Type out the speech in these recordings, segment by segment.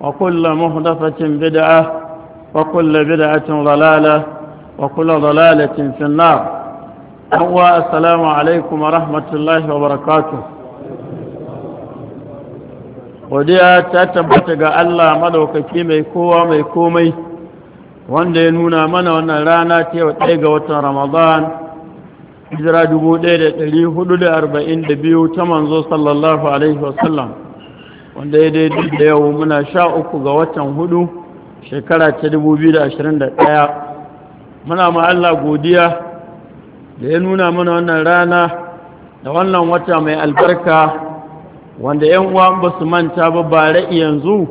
وكل مهدفة بدعة وكل بدعة ضلالة وكل ضلالة في النار أهوى السلام عليكم ورحمة الله وبركاته وديا تتبتغى الله مدوك كيمي كوى مي كومي wanda ya nuna mana wannan rana ce wa ɗaya ga watan ramadan hijira 1442 ta manzo sallallahu alaihi wasallam wanda ya daidai da yau muna sha uku ga watan hudu shekara ta ɗaya. muna ma Allah godiya da ya nuna mana wannan rana da wannan wata mai albarka wanda yan uwa ba su manta ba ra'i yanzu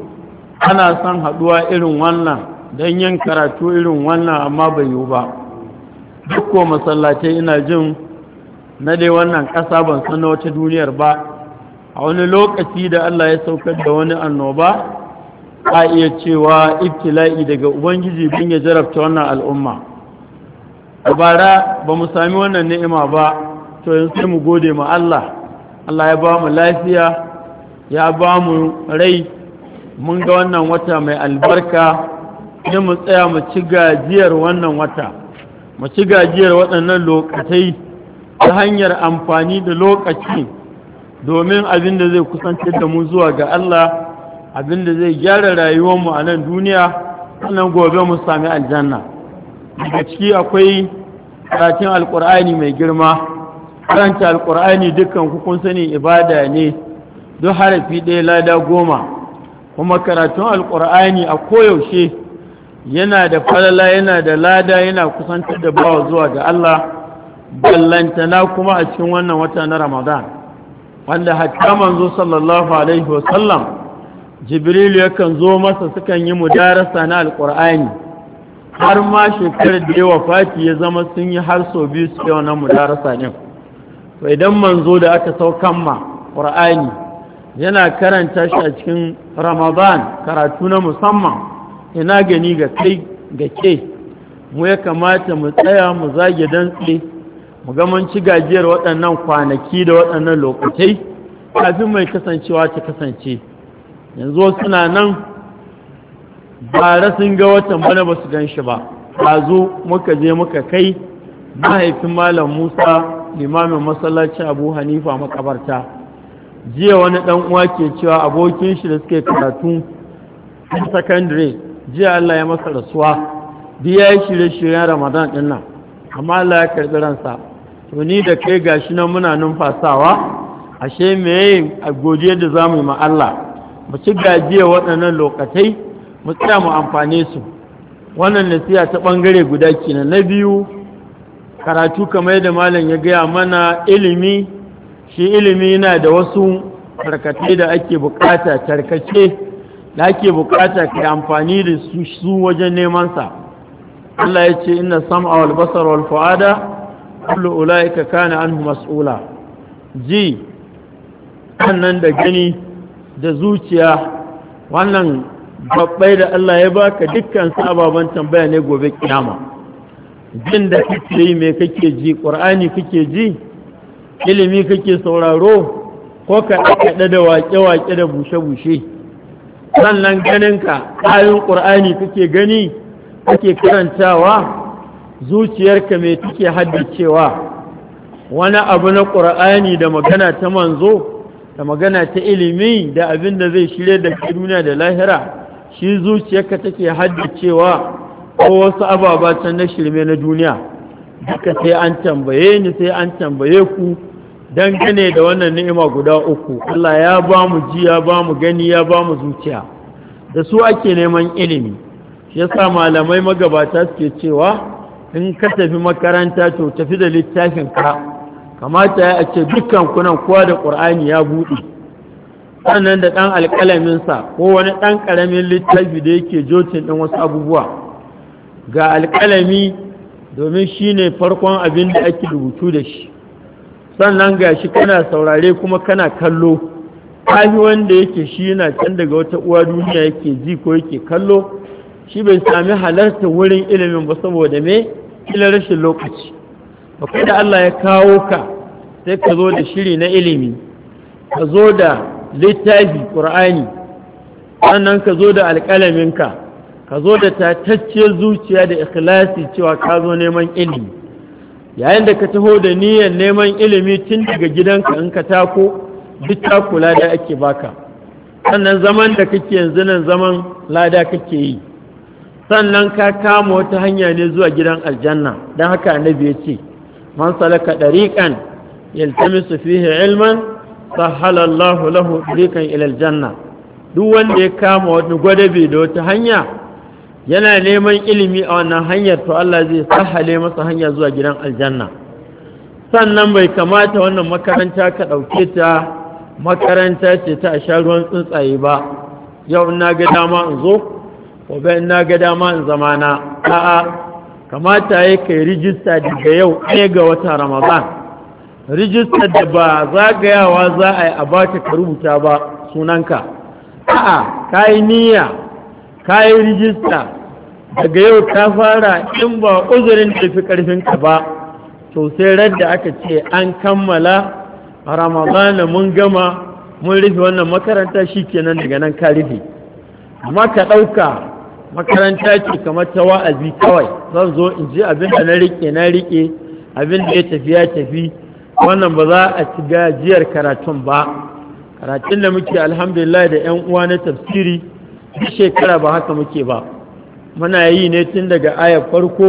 ana son haɗuwa irin wannan don yin karatu irin wannan amma bai yiwu ba duk ko masallatai ina jin na dai wannan ƙasa ban san wata duniyar ba a wani lokaci da Allah ya saukar da wani annoba a iya cewa ibtila'i daga ubangiji bin ya jarabta wannan al'umma a bara ba mu sami wannan ni'ima ba to yanzu sai mu gode ma Allah Allah ya ba mu lafiya ya ba mu rai mun ga wannan wata mai albarka ne mu tsaya mu ci gajiyar wannan wata mu ci gajiyar waɗannan lokacai ta hanyar amfani da lokaci domin abin da zai kusantar da mu zuwa ga Allah abin da zai gyara rayuwarmu a nan duniya sannan gobe mu sami aljanna daga ciki akwai karatun alkur'ani mai girma karanta alkur'ani dukkan kun sani ibada ne duk harafi ɗaya lada goma kuma karatun alkur'ani a koyaushe yana da falala yana da lada yana kusantar da bawa zuwa ga Allah ballantana kuma a cikin wannan wata na ramadan wanda hatta manzo sallallahu alaihi wasallam jibril yakan zo masa sukan yi mudarasa na alqur'ani har ma shekarar da ya wafati ya zama sun yi har so biyu su yau na mudarasa ne to idan manzo da aka saukan ma qur'ani yana karanta shi a cikin ramadan karatu na musamman ina gani ga kai ga ke mu ya kamata mu tsaya mu zage dantse mu ga mun ci gajiyar waɗannan kwanaki da waɗannan lokacai, kafin mai kasancewa ta kasance yanzu suna nan bara sun ga watan bana ba su gan shi ba zo muka je muka kai mahaifin malam musa limamin masallaci abu hanifa makabarta jiya wani ɗan uwa ke cewa abokin shi da suke karatu a sakandare jiya allah ya masa rasuwa biya ya shirye-shiryen ramadan ɗin nan amma allah ya karɓi ransa to ni da kai gashi nan muna numfasawa ashe meye a godiya da zamu ma Allah mu ci gajiya waɗannan lokatai mu tsaya mu amfane su wannan nasiha ta bangare guda kenan na biyu karatu kamar yadda malam ya gaya mana ilimi shi ilimi yana da wasu tarkace da ake bukata tarkace da ake bukata ka amfani da su wajen neman sa Allah ya ce inna sam'a wal basara wal fu'ada kullu ulaika kana anhu mas'ula ji wannan da gani da zuciya wannan babbai da Allah ya baka dukkan sababan tambaya ne gobe kiyama jin da kake yi me kake ji qur'ani kake ji ilimi kake sauraro ko ka kada da wake waƙe da bushe-bushe sannan ka ayoyin qur'ani kake gani kake karantawa zuciyarka mai take haddacewa wani abu na ƙur'ani da magana ta manzo da magana ta ilimi da abin da zai shirya da duniya da lahira shi zuciyarka take haddacewa ko wasu ababa can na shirme na duniya duka sai an tambaye ni sai an tambaye ku dangane da wannan ni'ima guda uku Allah ya ba mu ji ya ba mu gani ya ba mu zuciya da su ake neman ilimi shi yasa malamai magabata suke cewa in ka tafi makaranta to tafi da littafin ka kamata ya ce dukkan kunan kowa da ƙur'ani ya buɗe sannan da ɗan alƙalaminsa ko wani ɗan ƙaramin littafi da yake jocin ɗin wasu abubuwa ga alƙalami domin shi ne farkon abin da ake rubutu da shi sannan ga shi kana saurare kuma kana kallo kafi wanda yake shi yana can daga wata uwa duniya yake ji ko yake kallo shi bai sami halarta wurin ilimin ba saboda me kila rashin lokaci kai da Allah ya kawo ka sai ka zo da shiri na ilimi ka zo da littafi ƙur'ani sannan ka zo da alƙalaminka ka zo da tatacciyar zuciya da ikhlasi cewa ka zo neman ilimi yayin da ka taho da niyyar neman ilimi tun daga gidanka in ka tako duk takula da ake baka sannan zaman da kake yanzu nan zaman lada kake yi sannan ka kama wata hanya ne zuwa gidan aljanna don haka annabi ya ce man salaka dariqan yaltamisu fihi ilman sahala Allah lahu dariqan ila aljanna duk wanda ya kama wani gwadabe da wata hanya yana neman ilimi a wannan hanyar to Allah zai sahale masa hanya zuwa gidan aljanna sannan bai kamata wannan makaranta ka ɗauke ta makaranta ce ta a sha ruwan tsuntsaye ba yau na ga dama in zo gobe na ga dama in zama na a'a kamata ya kai rijista daga yau ɗaya ga wata ramadan rijistar da ba zagayawa za a yi a ba ka rubuta ba sunanka a'a ka yi niyya ka yi rijista daga yau ta fara in ba uzurin da fi ƙarfinka ba to sai radda aka ce an kammala ramadan mun gama mun rufe wannan makaranta shi kenan daga nan ka rufe amma ka ɗauka makaranta ce kamar ta wa'azi kawai zan zo in ji abin da na riƙe na rike abin da ya tafi ya tafi wannan ba za a ci gajiyar karatun ba karatun da muke alhamdulillah da yan uwa na tafsiri duk shekara ba haka muke ba muna yi ne tun daga ayar farko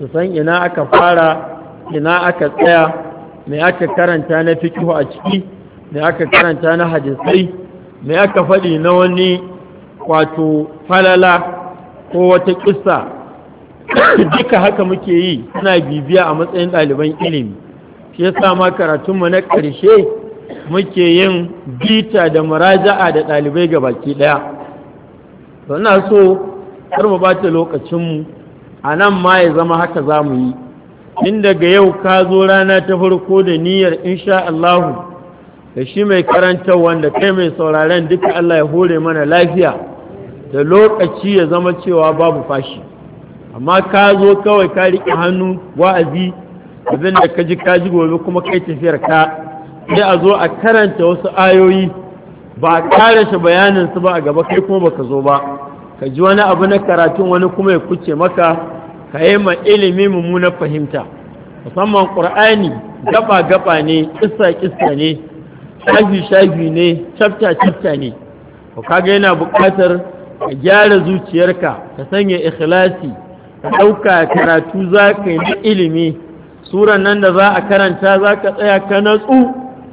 su san ina aka fara ina aka tsaya mai aka karanta na fikihu a ciki mai aka karanta na hadisai mai aka faɗi na wani wato falala ko wata kissa duka haka muke yi suna bibiya a matsayin ɗaliban ilimi shi yasa ma mu na ƙarshe muke yin bita da muraja'a da ɗalibai ga baki ɗaya ina so kar mu bata lokacinmu a nan ma ya zama haka za mu yi in daga yau ka zo rana ta farko da niyyar insha Allahu da shi mai karanta wanda kai mai sauraren duka Allah ya hore mana lafiya da lokaci ya zama cewa babu fashi amma ka zo kawai ka riƙe hannu wa'azi abin da ka ji ka ji gobe kuma kai tafiyar ka sai a zo a karanta wasu ayoyi ba a ƙara shi bayanin su ba a gaba kai kuma baka zo ba ka ji wani abu na karatun wani kuma ya kuce maka ka yi ma ilimi mummunar fahimta musamman ƙur'ani gaba gaba ne kissa kissa ne shafi shafi ne chapter chapter ne ko kaga yana buƙatar ka gyara zuciyarka ka sanya ikhlasi ka ɗauka karatu za ka yi ilimi suran nan da za a karanta za ka tsaya ka natsu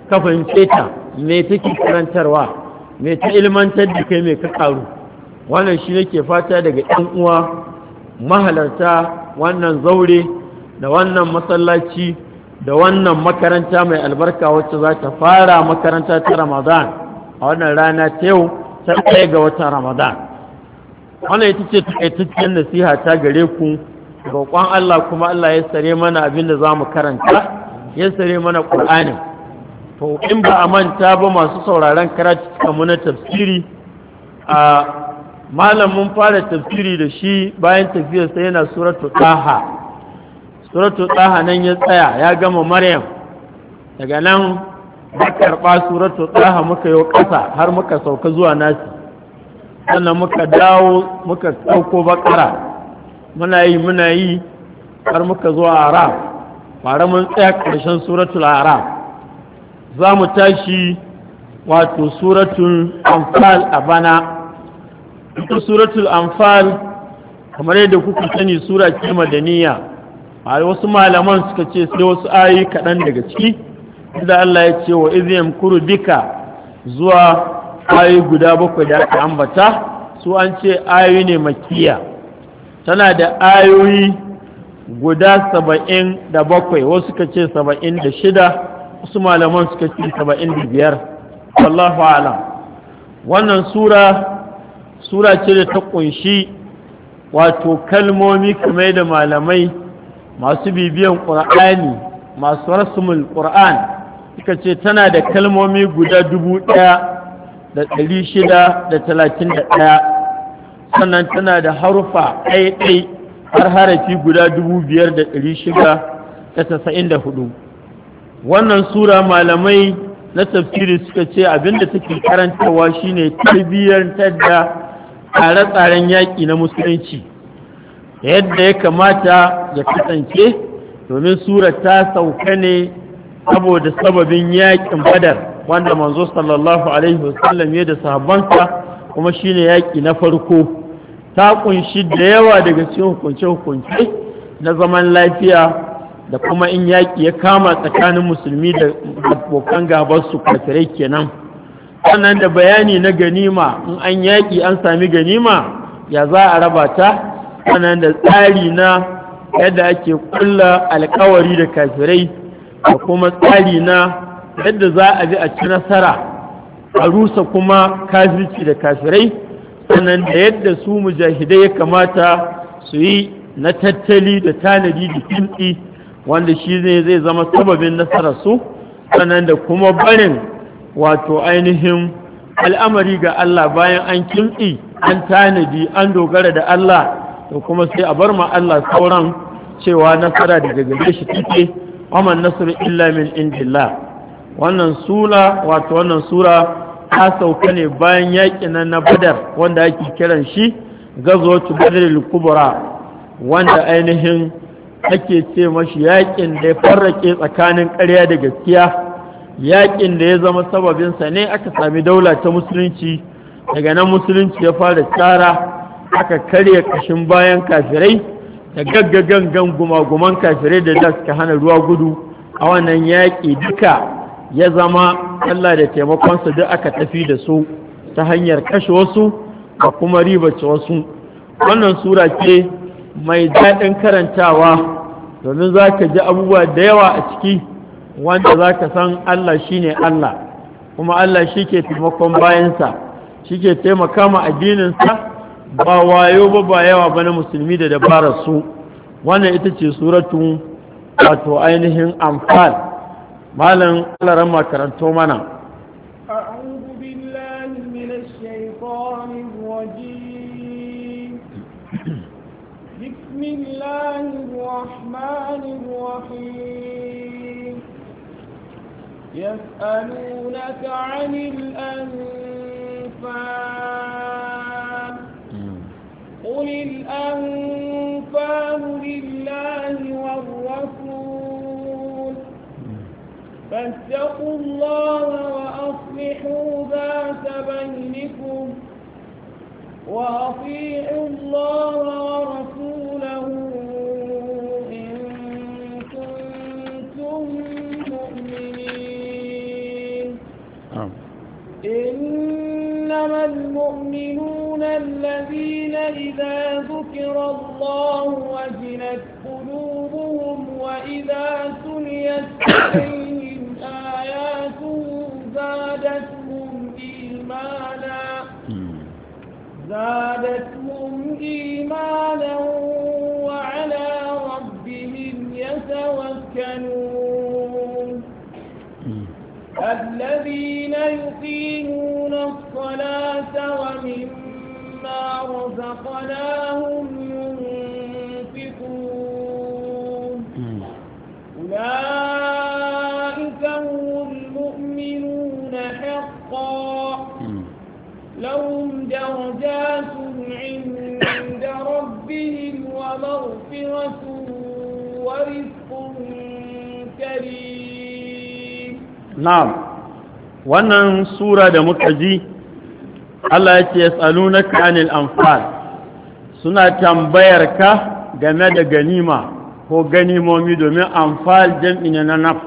ka fahimce ta me take karantarwa me ta ilmantar da kai mai ka karu wannan shi ne ke fata daga ɗan uwa mahalarta wannan zaure da wannan masallaci da wannan makaranta mai albarka wacce za ta fara makaranta ta ramadan a wannan rana ta yau ta ɗaya ga watan ramadan wannan ita ce takaitaccen nasiha ta gare ku roƙon Allah kuma Allah ya sare mana abin da za mu karanta ya sare mana ƙur'anin to in ba a manta ba masu sauraron karatu mu na tafsiri a malamin fara tafsiri da shi bayan sai yana suratu taha suratu taha nan ya tsaya ya gama maryam daga nan ba karɓa suratu taha muka yi ƙasa har muka sauka zuwa nasi sannan muka dawo muka sauko bakara muna yi muna yi har muka zo a araf fara mun tsaya ƙarshen suratul araf za mu tashi wato suratul anfal a bana ita suratul anfal kamar yadda kuka sani sura ce madaniya a wasu malaman suka ce sai wasu ayi kaɗan daga ciki inda Allah ya ce wa izim kuru bika zuwa ayoyi guda bakwai da aka ambata su an ce ayoyi ne makiya tana da ayoyi guda saba'in da bakwai wasu suka ce saba'in da shida wasu malaman suka ce saba'in da biyar wallahu alam wannan sura sura ce da ta kunshi wato kalmomi kamar da malamai masu bibiyan ƙur'ani masu rasumul ƙur'an suka ce tana da kalmomi guda dubu ɗaya da ɗari shida da talatin da ɗaya sannan tana da harufa ɗaiɗai har harafi guda dubu biyar da ɗari shida da tasa'in da hudu wannan sura malamai na tafsiri suka ce abinda take karantawa shine tarbiyyantar da tsare-tsaren yaƙi na musulunci yadda ya kamata ya kasance domin sura ta sauka ne saboda sababin yaƙin badar wanda manzo sallallahu alaihi wasallam ya da sahabbansa kuma shine yaki na farko ta kunshi da yawa daga cikin hukunce-hukunce na zaman lafiya da kuma in yaki ya kama tsakanin musulmi da abokan su kafirai kenan sannan da bayani na ganima in an yaki an sami ganima ya za a raba ta sannan da tsari na yadda ake kulla alkawari da kafirai da kuma tsari na yadda za a ji a ci nasara a rusa kuma kafirci da kafirai sannan da yadda su mujahidai ya kamata su yi na tattali da tanadi da kimtsi wanda shi ne zai zama sababin nasararsu sannan da kuma barin wato ainihin al'amari ga Allah bayan an kimtsi an tanadi an dogara da Allah to kuma sai a bar ma Allah sauran cewa nasara daga gare shi take waman nasru illa min indillah wannan sura wato wannan sura ta sauka ne bayan yaƙi na na badar wanda ake kiran shi ta badar kubura wanda ainihin ake ce mashi yaƙin da ya farrake tsakanin ƙarya da gaskiya yaƙin da ya zama sababinsa ne aka sami daula ta musulunci daga nan musulunci ya fara tsara aka karya ƙashin bayan kafirai da guma gumaguman kafirai da da suka hana ruwa gudu a wannan yaƙi duka ya zama Allah da taimakonsa duk aka tafi da su ta hanyar kashe wasu da kuma ribace wasu wannan sura ce mai daɗin karantawa domin za ka ji abubuwa da yawa a ciki wanda za ka san Allah shi ne Allah kuma Allah shi ke taimakon bayansa shi ke taimaka ma addininsa ba wayo ba ba yawa ba na musulmi da dabarar su wannan ita ce suratun wato ainihin amfani. لرم ما makaranto mana أعوذ بالله من الشيطان الرجيم بسم الله الرحمن الرحيم يسألونك عن الأنفال قل الأنفال لله والرحمن فاتقوا الله وأصلحوا ذات بينكم وأطيعوا الله ورسوله إن كنتم مؤمنين نعم. إنما المؤمنون الذين إذا ذكر الله وجلت قلوبهم وإذا تليت عليهم زادتهم إيمانا وعلى ربهم يتوكلون الذين يقيمون الصلاة ومما رزقناهم ينفقون أولئك هم المؤمنون حقا لو درجات عند ربهم ومغفرة ورزق كريم نعم wannan sura da muka ji Allah ya ce yas'alunaka anil amfani suna tambayar ka game da ganima ko ganimomi domin anfal jam'i ne na naf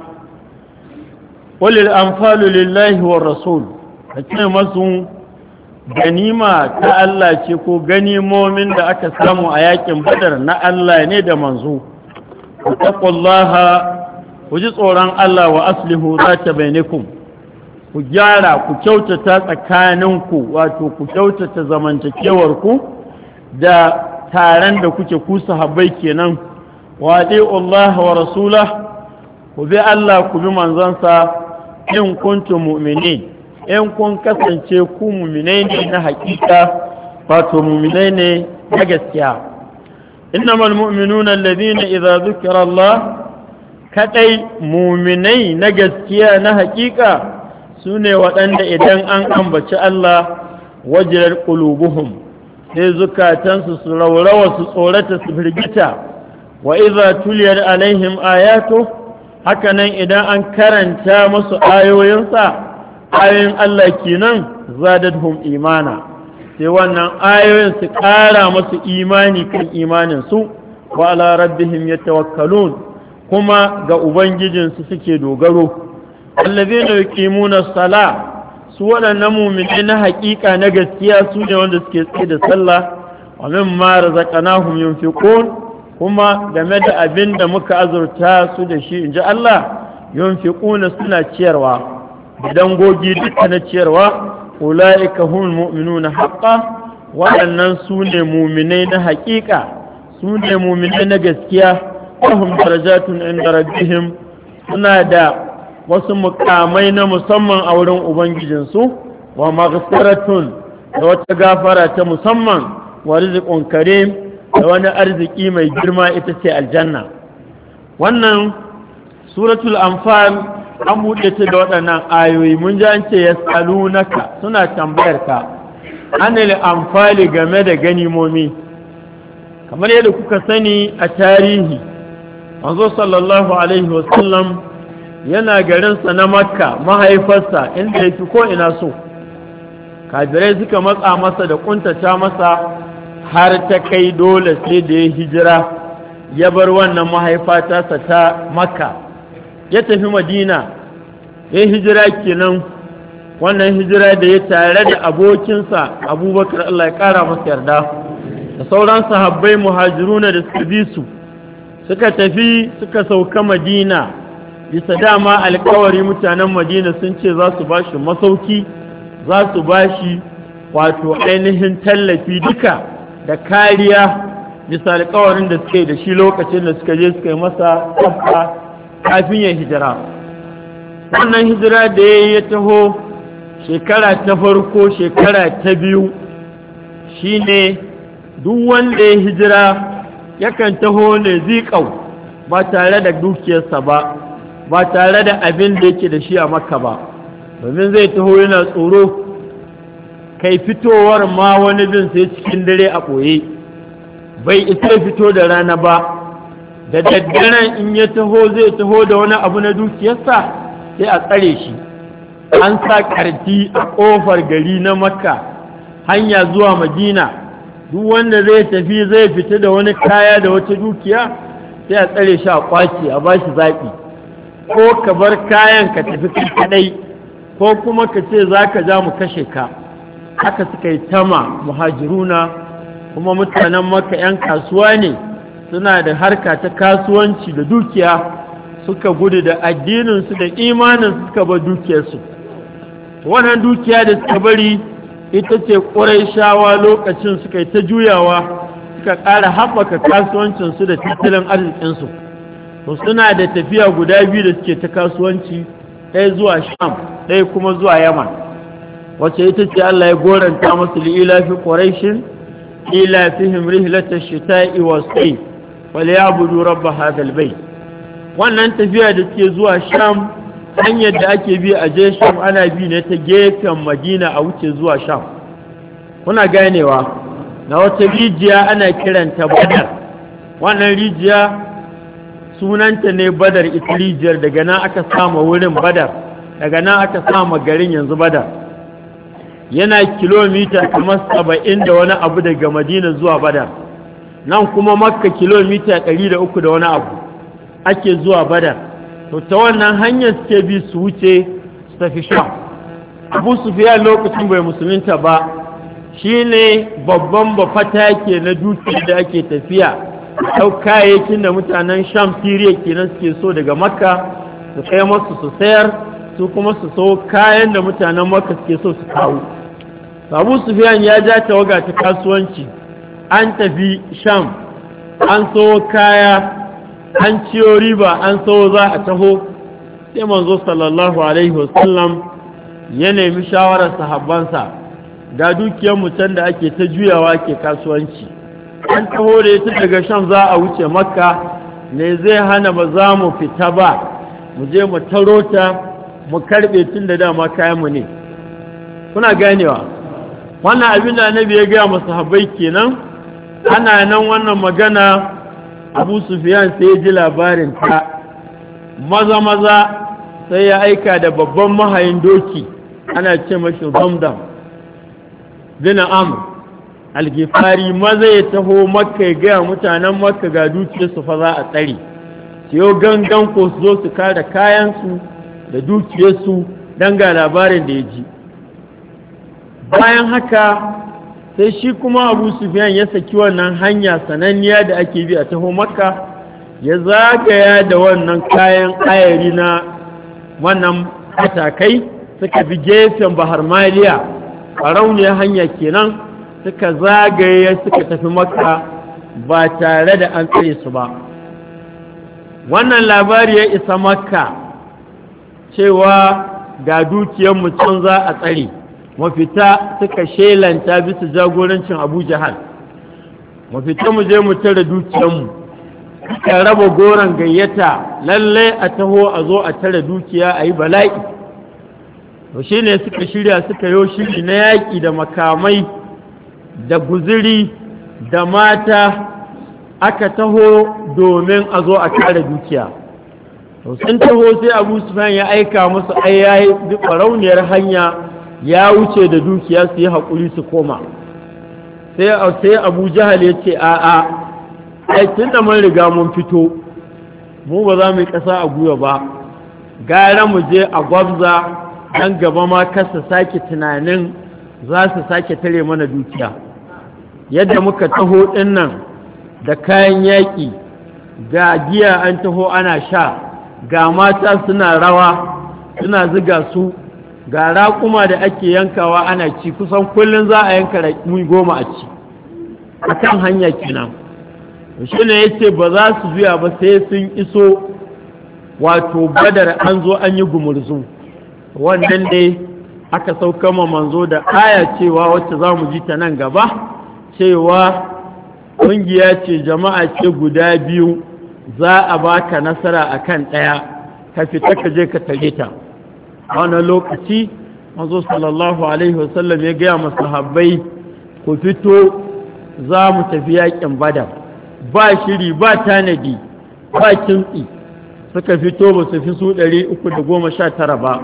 qulil anfalu lillahi war rasul kace masu ganima ta Allah ce ko ganimomin da aka samu a yakin badar na Allah ne da manzo taqullaha ku ji tsoron Allah wa aslihu zata bainakum ku gyara ku kyautata tsakaninku wato ku kyautata zamantakewar ku da taron da kuke ku sahabbai kenan wa Allah wa rasulah ku bi Allah ku bi manzansa in kuntum mu'minin in kun kasance ku muminai ne na hakika wato muminai ne na gaskiya innamal mu'minuna alladhina idza dhukira Allah kadai muminai na gaskiya na hakika sune waɗanda idan an ambaci Allah wajilar qulubuhum sai zukatansu su raurawa su tsorata su firgita wa idza tuliyat alaihim ayatu nan idan an karanta musu ayoyinsa ayoyin Allah kenan zadadhum imana sai wannan ayoyin su ƙara masu imani kan imanin su wa ala rabbihim yatawakkalun kuma ga ubangijinsu suke dogaro allazina yuqimuna sala su waɗannan mu'minai na haƙiƙa na gaskiya su ne wanda suke tsaye da sallah wa mimma razaqnahum yunfiqun kuma game da abin da muka azurta su da shi inji Allah yunfiquna suna ciyarwa da dangogi duka na ciyarwa ula'ika hum mu'minuna haqqan waɗannan su ne muminai na haƙiƙa su muminai na gaskiya lahum darajatun inda rabbihim suna da wasu mukamai na musamman a wurin ubangijinsu wa maghfiratun da wata gafara ta musamman wa rizqun karim da wani arziki mai girma ita ce aljanna wannan suratul anfal an buɗe ce da waɗannan ayoyi mun ji an ce ya salunaka suna tambayar ka anil amfali game da ganimomi kamar yadda kuka sani a tarihi manzo sallallahu alaihi wasallam yana garinsa na makka mahaifarsa inda ya fi ko ina so kajirai suka matsa masa da kuntata masa har ta kai dole sai da ya hijira ya bar wannan mahaifa tasa ta makka ya tafi madina ya hijira kenan wannan hijira da ya tare da abokinsa abubakar allah ya kara masa yarda da sauran sahabbai muhajiruna da suka bi su suka tafi suka sauka madina bisa dama alkawari mutanen madina sun ce za su ba shi masauki za su ba shi wato ainihin tallafi duka da kariya bisa alkawarin da suka yi da shi lokacin da suka je suka yi masa tabba kafin ya hijira wannan hijira da ya ya taho shekara ta farko shekara ta biyu shine duk wanda ya hijira yakan taho ne zikau ba tare da dukiyarsa ba ba tare da abin da yake da shi a maka ba domin zai taho yana tsoro kai fitowar ma wani bin sai cikin dare a ɓoye bai isa fito da rana ba da daddaren in ya taho zai taho da wani abu na dukiyarsa sai a tsare shi an sa karti a ƙofar gari na makka hanya zuwa madina duk wanda zai tafi zai fita da wani kaya da wata dukiya sai a tsare shi a kwace a ba shi zaɓi ko ka bar kayan ka tafi kai kaɗai ko kuma ka ce za ka ja mu kashe ka haka suka yi tama muhajiruna kuma mutanen maka 'yan kasuwa ne suna da harka ta kasuwanci da dukiya suka gudu da addininsu da imanin suka bar dukiyarsu wannan dukiya da suka bari ita ce shawa lokacin suka yi ta juyawa suka ƙara haɓaka kasuwancinsu da tattalin arzikinsu to suna da tafiya guda biyu da suke ta kasuwanci ɗaya zuwa sham ɗaya kuma zuwa yama. wacce ita ce allah ya goranta masu li'ilafi fi ƙwaraishin ila fihim rihlatash shita'i ta sayf wal yabudu rabba hadal bai. wannan tafiya da suke zuwa sham hanyar da ake bi a je sham ana bi ne ta gefen madina a wuce zuwa sham kuna ganewa na wata rijiya ana kiranta badar wannan rijiya sunanta ne badar ita rijiyar daga nan aka sama wurin badar daga nan aka sama garin yanzu badar yana kilomita kamar saba'in da wani abu daga madina zuwa badar nan kuma makka kilomita ɗari da uku da wani abu ake zuwa badar to ta wannan hanyar suke bi su wuce su tafi sham abu sufiya lokacin bai musulunta ba shi ne babban bafata ke na dutse da ake tafiya sau kayayyakin da mutanen sham siriya kenan suke so daga makka su kai masu su sayar su kuma su so kayan da mutanen makka suke so su kawo abu sufiyan ya ja tawaga ta kasuwanci an tafi sham an so kaya an ciyo riba an so za a taho sai manzo sallallahu alaihi wasallam ya nemi shawarar sahabbansa da dukiyar mutan da ake ta juyawa ke kasuwanci an taho da ita daga sham za a wuce makka ne zai hana ba za mu fita ba mu je mu taro ta mu karbe tun da dama kayanmu ne kuna ganewa wannan abin da annabi ya gaya masu kenan ana nan wannan magana abu sufiyan sai ji labarin ta maza maza sai ya aika da babban mahayin doki ana ce mashi zamdam bin amr algifari maza ya taho makka ya gaya mutanen maka ga dukiyarsu fa za a tsare siyo gangan ko su zo su kada kayansu da dukiyarsu don ga labarin da ya ji bayan haka sai shi kuma abu sufiyan ya saki wannan hanya sananniya da ake bi a taho makka ya zagaya da wannan kayan ayari na wannan matakai suka bi gefen bahar maliya a rauniyar hanya kenan suka zagaya suka tafi makka ba tare da an tsare su ba wannan labari ya isa makka cewa ga dukiyar mutum za a tsare mafita suka shelanta bisa jagorancin abu jahal mafita mu je mu tare mu. ka raba goron gayyata lallai a taho a zo a tare dukiya a yi bala'i to shi ne suka shirya suka yi shiri na yaƙi da makamai da guziri da mata aka taho domin a zo a tara dukiya to sun taho sai abu sufyan ya aika musu ai yayi farauniyar hanya ya wuce da dukiya su yi haƙuri su koma sai abu jihar ya ce a'a aikin da man riga mun fito mu ba za mu yi ƙasa a guya ba gara mu je a gwabza nan gaba ma kasa sake tunanin za su sake tare mana dukiya yadda muka taho ɗin da kayan yaƙi ga giya an taho ana sha ga mata suna rawa suna ziga su ga raƙuma da ake yankawa ana ci kusan kullum za a yanka raƙumi goma a ci a kan hanya kenan shi ne ya ce ba za su zuya ba sai sun iso wato badar an zo an yi gumurzu wannan dai aka sauka ma manzo da aya cewa wacce za mu ji ta nan gaba cewa ƙungiya ce jama'a ce guda biyu za a baka nasara akan ɗaya ka fita ka je ka tare ta a wani lokaci mazo sallallahu alaihi wasallam ya gaya masu sahabbai ku fito za mu tafi yakin bada ba shiri ba tanadi ba kimtsi suka fito ba su fi su 319 ba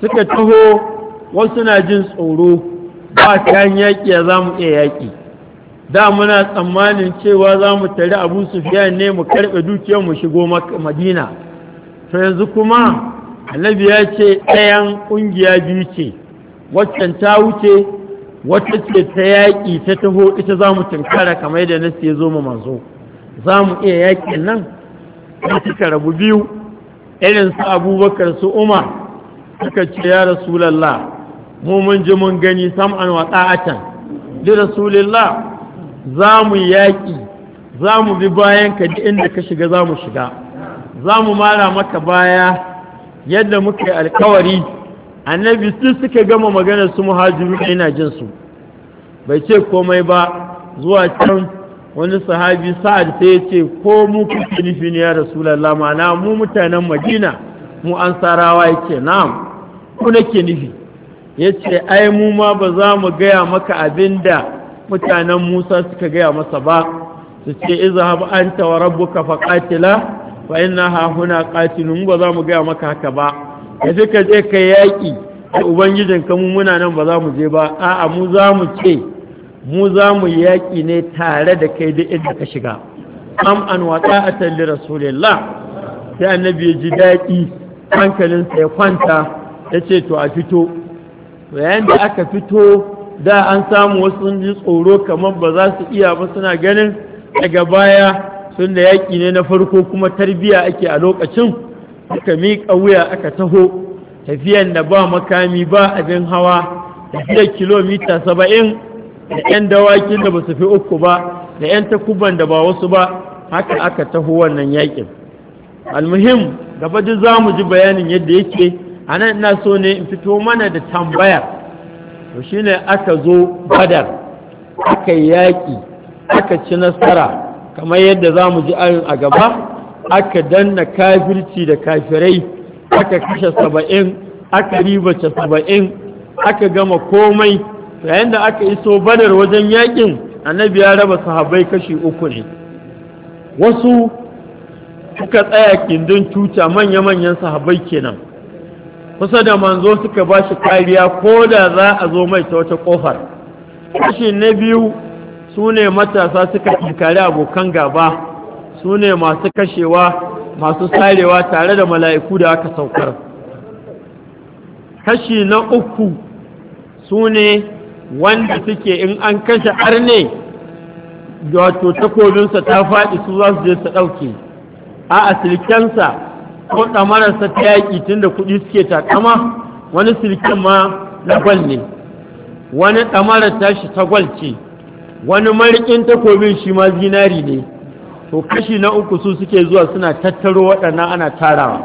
suka taho wasu na jin tsoro ba kayan yaki ya za mu iya yaƙi da muna tsammanin cewa za mu tare abu su fiya ne mu karɓe dukiyar mu shigo madina to yanzu kuma annabi ya ce ɗayan ƙungiya biyu ce waccan ta wuce wata ce ta yaƙi ta taho ita za mu tunkara kamar da nasi ya zo mu manzo za mu iya yaƙin nan ta suka rabu biyu irin su abubakar su umar suka ce ya rasulallah mu mun ji mun gani sam'an a can. li rasulillah za mu yaƙi za mu bi bayan ka duk inda ka shiga za mu shiga za mu mara maka baya yadda muka yi alkawari annabi su suka gama maganar su muhajiru ina jinsu bai ce komai ba zuwa can wani sahabi sa'ad sai ya ce ko mu kuke nufi ne ya rasulallah ma'ana mu mutanen madina mu an sarawa ya ce na'am ku nake nufi ya ce ai mu ma ba za mu gaya maka abin da mutanen musa suka gaya masa ba su ce iza haɓa an rabbuka faƙatila fa inna ha huna qatilun ba za mu ga maka haka ba Ya ce ka je ka yaki ubangijin ka muna nan ba za mu je ba a'a mu za mu ce mu za mu yaki ne tare da kai da inda ka shiga am an a li rasulillah sai annabi ya ji daɗi hankalinsa ya kwanta ya ce to a fito yayin da aka fito da an samu wasu ji tsoro kamar ba za su iya ba suna ganin daga baya tun da yaƙi ne na farko kuma tarbiya ake a lokacin aka miƙa wuya aka taho tafiyan da ba makami ba abin hawa tafiyar kilomita saba'in da 'yan dawakin da ba su fi uku ba da 'yan takuban da ba wasu ba haka aka taho wannan yaƙin almuhim gaba duk za mu ji bayanin yadda yake a nan ina so ne in fito mana da tambaya to shine aka zo badar aka yaƙi aka ci nasara kamar yadda za mu ji ayin a gaba aka danna kafirci da kafirai aka kashe saba'in aka ribace saba'in aka gama komai yayin da aka iso badar wajen yakin annabi ya raba sahabbai kashi uku ne wasu suka tsaya kindin tuta manya-manyan sahabbai kenan kusa da manzo suka ba shi kariya ko da za a zo mai ta wata ƙofar. kashi na biyu su ne matasa suka inkari abokan gaba su ne masu kashewa masu sarewa tare da mala'iku da aka saukar kashi na uku su ne wanda suke in an kashe arne wato takobinsa ta faɗi su za su je su ɗauke a asirkensa ko ɗamararsa ta yaƙi tun da kuɗi suke takama wani silken ma na gwal ne wani ɗamarar tashi ta gwal ce wani marikin takobin shi ma zinari ne to kashi na uku su suke zuwa suna tattaro waɗannan ana tarawa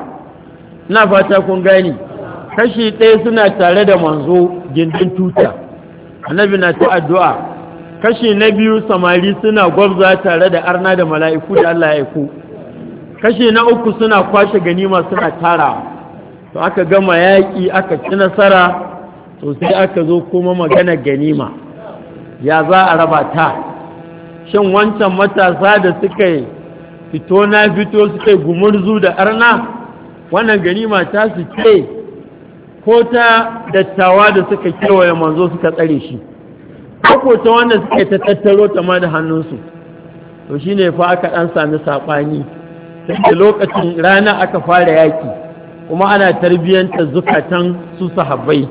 ina fata kun gani kashi ɗaya suna tare da manzo gindin tuta annabi na ta addu'a kashi na biyu samari suna gwabza tare da arna da mala'iku da Allah ya ku kashi na uku suna kwashe ganima suna tarawa to aka gama yaƙi aka ci nasara to sai aka zo kuma magana ganima ya za a raba ta shin wancan matasa da suka fito na fito suka gumurzu da arna wannan gani mata su ce ko ta dattawa da suka kewaye manzo suka tsare shi ko ta wanda suka ta tattaro ta ma da hannunsu to shine fa aka ɗan sami saɓani sai lokacin rana aka fara yaƙi kuma ana tarbiyyantar zukatan su sahabbai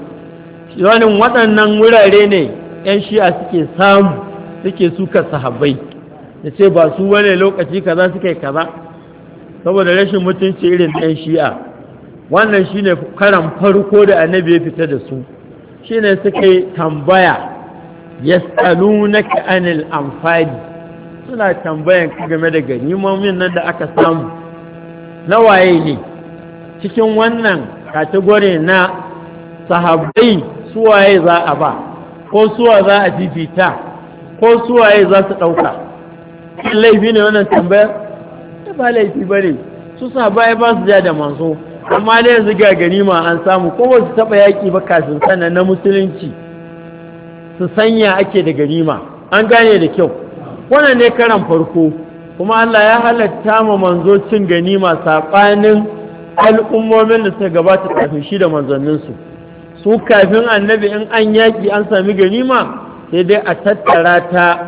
wannan waɗannan wurare ne 'yan shi'a suke samu suke suka sahabbai da ce ba su wane lokaci kaza suka yi kaza saboda rashin mutunci irin 'yan shi'a wannan shi ne karan farko da annabi ya fita da su shi ne suka yi tambaya ya tsalu na ka'anil amfani suna tambayan ka game da ganimomin nan da aka samu na waye ne cikin wannan kategori na sahabbai suwaye za a ba ko suwa za a fifita ko suwaye za su ɗauka laifi ne wannan tambayar ta eh, ba laifi ba ne su sa baya ba su ja da manzo amma da yanzu ga ganima an samu ko ba su taɓa yaƙi ba kafin sana na musulunci su sanya ake da ganima an gane da kyau wannan ne karan farko kuma Allah ya halatta ma manzo cin ganima saɓanin al'ummomin da suka gabata kafin shi da manzanninsu su kafin annabi in an yaƙi an sami ganima sai dai a tattara ta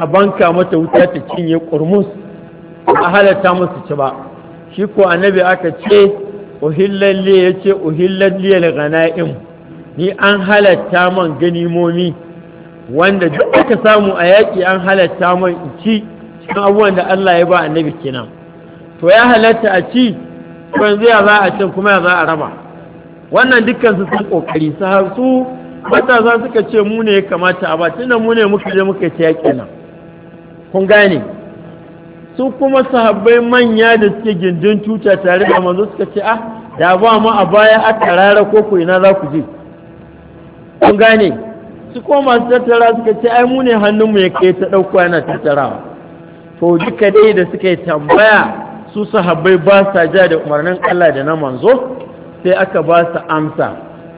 a banka mata wuta ta cinye ƙurmus a halatta musu ci ba shi ko annabi aka ce liya ya ce liya da gana'im ni an halatta man ganimomi wanda duk aka samu a yaƙi an halatta man ci cikin abubuwan da Allah ya ba annabi kenan to ya halatta a ci yanzu ya za a cin kuma ya za a raba wannan dukkan sun kokari su har su matasa suka ce mu ne ya kamata a ba tunda mu ne muka je muka ce yaƙi nan kun gane su kuma sahabbai manya da suke gindin cuta tare da manzo suka ce ah da ba mu a baya a tarara ko ku ina za ku je kun gane su kuma masu tattara suka ce ai mu ne hannunmu ya kai ta ɗauko yana tattarawa to duka dai da suka yi tambaya su sahabbai ba sa ja da umarnin Allah da na manzo sai aka ba su amsa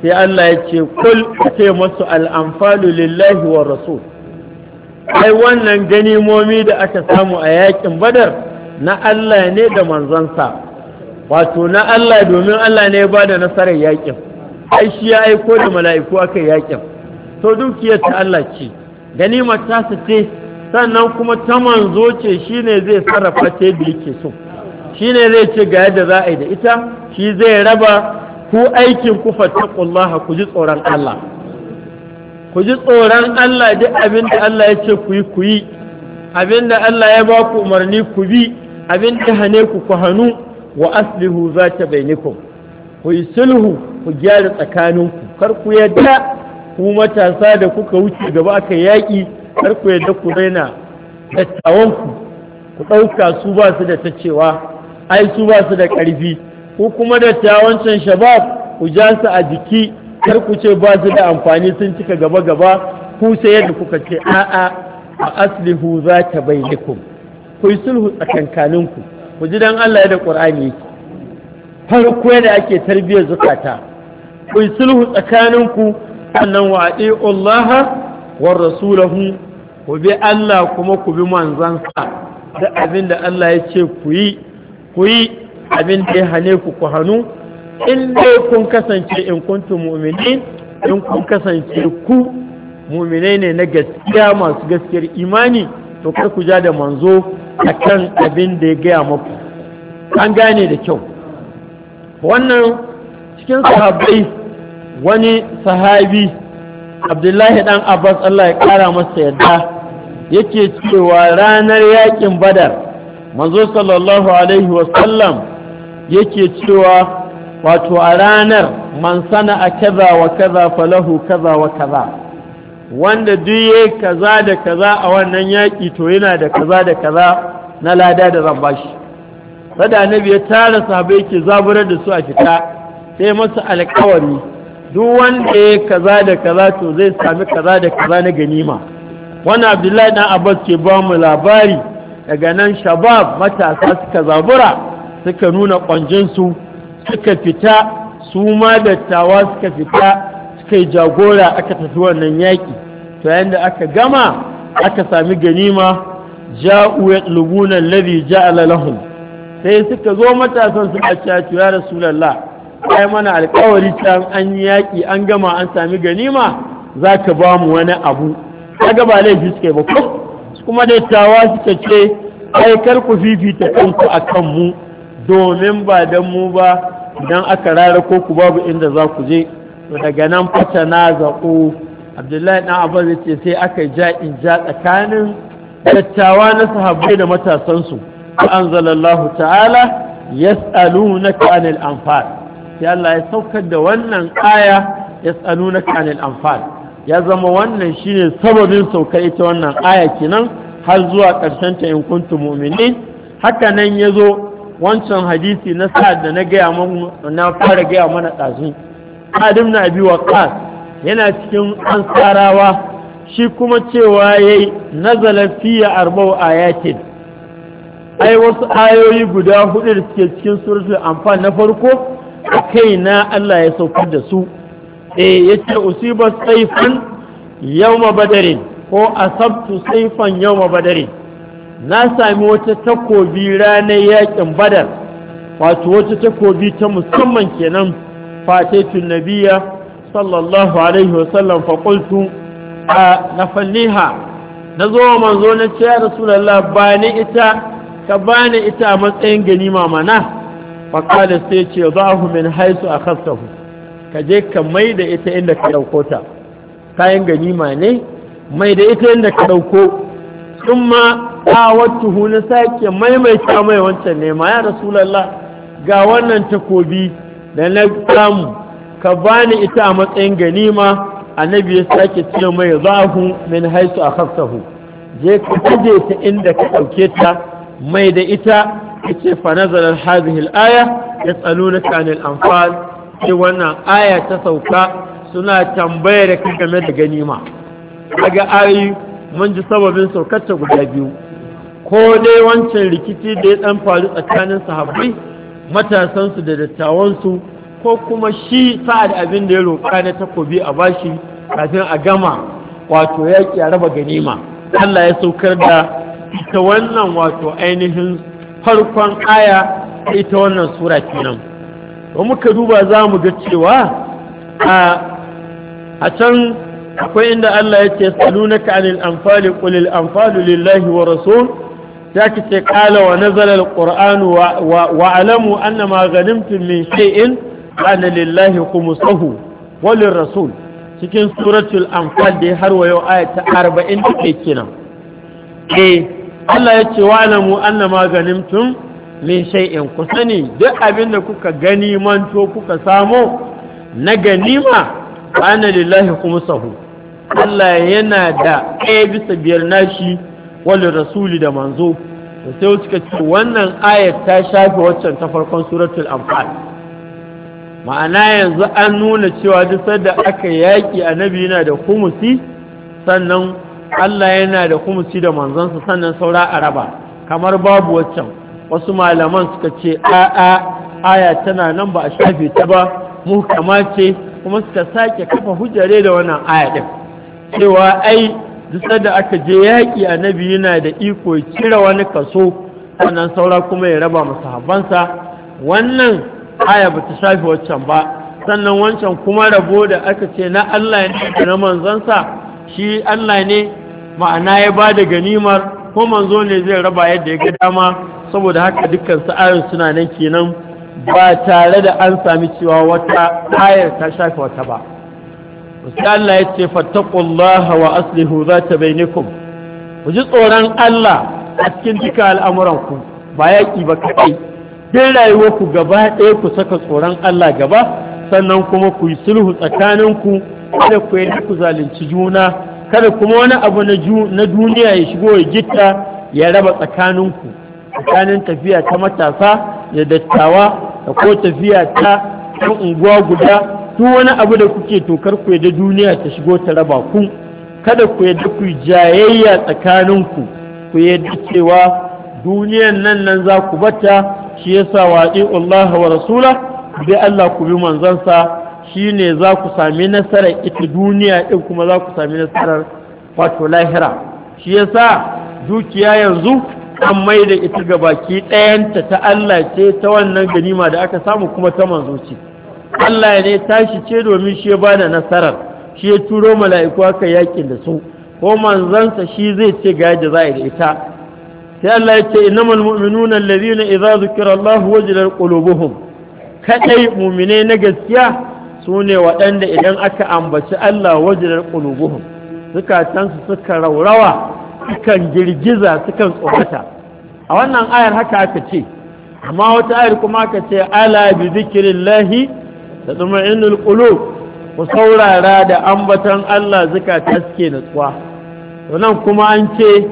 sai Allah ya ce kul sai masu al'amfalu lillahi wa rasul ai wannan ganimomi da aka samu a yakin badar na Allah ne da manzansa wato na Allah domin Allah ne ya ba da nasarar yakin ai shi ya aiko da mala'iku aka yakin to dukiyar ta Allah ce ganimar ta su ce sannan kuma ta manzo ce shine zai sarrafa ta yadda yake so shine zai ce ga yadda za a yi da ita shi zai raba ku aikin ku fattaqullaha ku ji tsoron Allah ku ji tsoron Allah duk abin da Allah ya ce ku yi ku yi abin da Allah ya ba ku umarni ku bi abin da hane ku ku hanu wa aslihu zata bainikum ku yi sulhu ku gyara tsakaninku kar ku yadda ku matasa da kuka wuce gaba aka yaƙi kar ku yadda ku daina dattawanku ku ɗauka su ba su da ta cewa ai su ba su da ƙarfi ku kuma dattawan can shabab ku ja su a jiki kar ku ce ba su da amfani sun cika gaba gaba ku sai yadda kuka ce a'a a aslihu za ta bai bainakum ku yi sulhu tsakankaninku ku ji dan Allah da Qur'ani yake farko da ake tarbiyyar zukata ku yi sulhu tsakaninku annan wa Allah wa rasulahu ku bi Allah kuma ku bi manzansa da abin da Allah ya ce ku ku yi abin da ya hane ku ku hannu in dai kun kasance in kuntu mu'mini in kun kasance ku mu'minai ne na gaskiya masu gaskiyar imani to kar ku ja da manzo akan abin da ya gaya muku an gane da kyau wannan cikin sahabbai wani sahabi abdullahi dan abbas allah ya kara masa yadda yake cewa ranar yakin badar manzo sallallahu alaihi wasallam yake cewa wato a ranar man sana a kaza wa kaza falahu kaza wa kaza wanda duk duye kaza da kaza a wannan yaƙi to yana da kaza da kaza na lada da zan bashi sada annabi ya tara sahabbai ke zaburar da su a fita sai masa alƙawari duk wanda ya kaza da kaza to zai sami kaza da kaza na ganima wannan abdullahi dan abbas ke ba mu labari daga nan shabab matasa suka zabura suka nuna ƙwanjinsu suka fita su ma dattawa suka fita suka yi jagora aka tafi wannan yaƙi to yayin aka gama aka sami ganima ja'u yatlubuna lari ja'ala lahun sai suka zo matasan suka ce ya rasulullah kai mana alkawari ta an yaƙi an gama an sami ganima za ka ba mu wani abu kaga ba laifi suka yi ba kuma. kuma dattawa suka ce ai kar ku fifita kanku kan mu domin ba don mu ba idan aka rara ko ku babu inda za ku je daga nan fata na zaƙo abdullahi ɗan abbas ya ce sai aka ja in ja tsakanin dattawa na sahabbai da matasansu anzalallahu ta'ala yas'alunaka anil anfal sai Allah ya saukar da wannan aya na anil anfal ya zama wannan shine sababin saukar ita wannan aya kenan har zuwa ƙarshen ta in kuntum mu'minin haka nan zo. wancan hadisi na sa'ad da na gaya na fara gaya mana ɗazu adam na abi ƙas yana cikin an tsarawa. shi kuma cewa yayi nazala fiye arba'u a yakin. ai wasu ayoyi guda hudu da suke cikin suratul amfani na farko kai na Allah ya saukar da su eh yace usiba sayfan yawma badarin ko a asabtu sayfan yawma badarin na sami wata takobi ranar yaƙin badar wato wata takobi ta musamman kenan fataitun nabiya sallallahu alaihi wasallam faƙultu a na falliha na zo manzo na ce ya rasulallah ba ita ka ba ni ita a matsayin ganima mana faƙalar sai ce za min haisu a kastahu ka je ka mai da ita inda ka ɗauko ta kayan ganima ne mai da ita inda ka ɗauko sun da'awatuhu na sake maimaita mai wancan nema ya rasulallah ga wannan takobi da na samu ka bani ita a matsayin ganima annabi ya sake cewa mai zahu min haisu akhaftahu je ka kaje ta inda ka ɗauke ta mai da ita yace fa nazala hadhihi al-aya yas'alunaka 'anil anfal ce wannan aya ta sauka suna tambayar ka game da ganima kaga ayi mun ji sababin ta guda biyu ko dai wancan rikici da ya dan faru tsakanin sahabbai matasansu da dattawansu ko kuma shi sa'ad abin da ya roƙa na takobi a bashi kafin a gama wato yaƙi a raba ganima Allah ya saukar da ita wannan wato ainihin farkon aya ita wannan sura kenan to muka duba za mu ga cewa a can akwai inda Allah ya ce salunaka anil anfali qulil anfalu lillahi wa rasul za ce kala wa nazalar ƙur'anu wa alamu anna ma min shay'in ana lillahi rasul cikin suratul anfal da har wa yau aya ta 40 take kenan eh Allah ya ce wa alamu annama ganimtum min shay'in ku sani duk abin da kuka gani manto kuka samo na ganima ana lillahi sahu. Allah yana da ɗaya bisa biyar nashi wal rasuli da manzo sai suka ce wannan ayat ta shafe waccan ta farkon suratul anfal ma'ana yanzu an nuna cewa duk sanda aka yaki annabi yana da kumusi sannan Allah yana da kumusi da manzansa sannan saura araba kamar babu waccan wasu malaman suka ce a'a aya tana nan ba a shafe ta ba mu kama ce kuma suka sake kafa hujjare da wannan aya din cewa ai duk da aka je yaƙi a annabi yana da iko kira wani kaso wannan saura kuma ya raba masa habansa wannan aya ba ta shafi waccan ba sannan wancan kuma rabo da aka ce na Allah ne da na manzansa shi Allah ne ma'ana ya ba da ganimar ko manzo ne zai raba yadda ya ga dama saboda haka dukkan sa'ayin suna nan kenan ba tare da an sami cewa wata ayar ta shafi wata ba sai Allah ya ce fattakullah wa aslihu zata bainakum ku ji tsoron Allah a cikin duka al'amuranku ba yaƙi ba kaɗai din ku gaba ɗaya ku saka tsoron Allah gaba sannan kuma ku yi sulhu tsakaninku kada ku yi ku zalunci juna kada kuma wani abu na duniya ya shigo ya gitta ya raba tsakaninku tsakanin tafiya ta matasa da dattawa da ko tafiya ta ɗan unguwa guda duk wani abu da kuke tokar ku yadda duniya ta shigo ta raba ku kada ku yadda ku jayayya tsakaninku ku yadda cewa duniyan nan nan za ku bata shi yasa waɗi Allah wa rasula bi Allah ku bi manzansa shine za ku sami nasarar ita duniya din kuma za ku sami nasarar wato lahira shi yasa dukiya yanzu an mai da ita gabaki ɗayanta ta Allah ce ta wannan ganima da aka samu kuma ta manzo ce Allah ne tashi ce domin shi ba da nasarar shi ya turo mala'iku aka yakin da su ko manzansa shi zai ce ga yadda za a yi da ita sai Allah ya ce innamal mu'minuna allazina idza zukira Allah wajilat qulubuhum kadai mu'mine na gaskiya sune waɗanda idan aka ambaci Allah wajilat qulubuhum sukatansa suka raurawa sukan girgiza sukan tsorata a wannan ayar haka aka ce amma wata ayar kuma aka ce ala bi zikrillahi da tsumainul qulub ku saurara da ambatan Allah zakata suke nutsuwa. to nan kuma an ce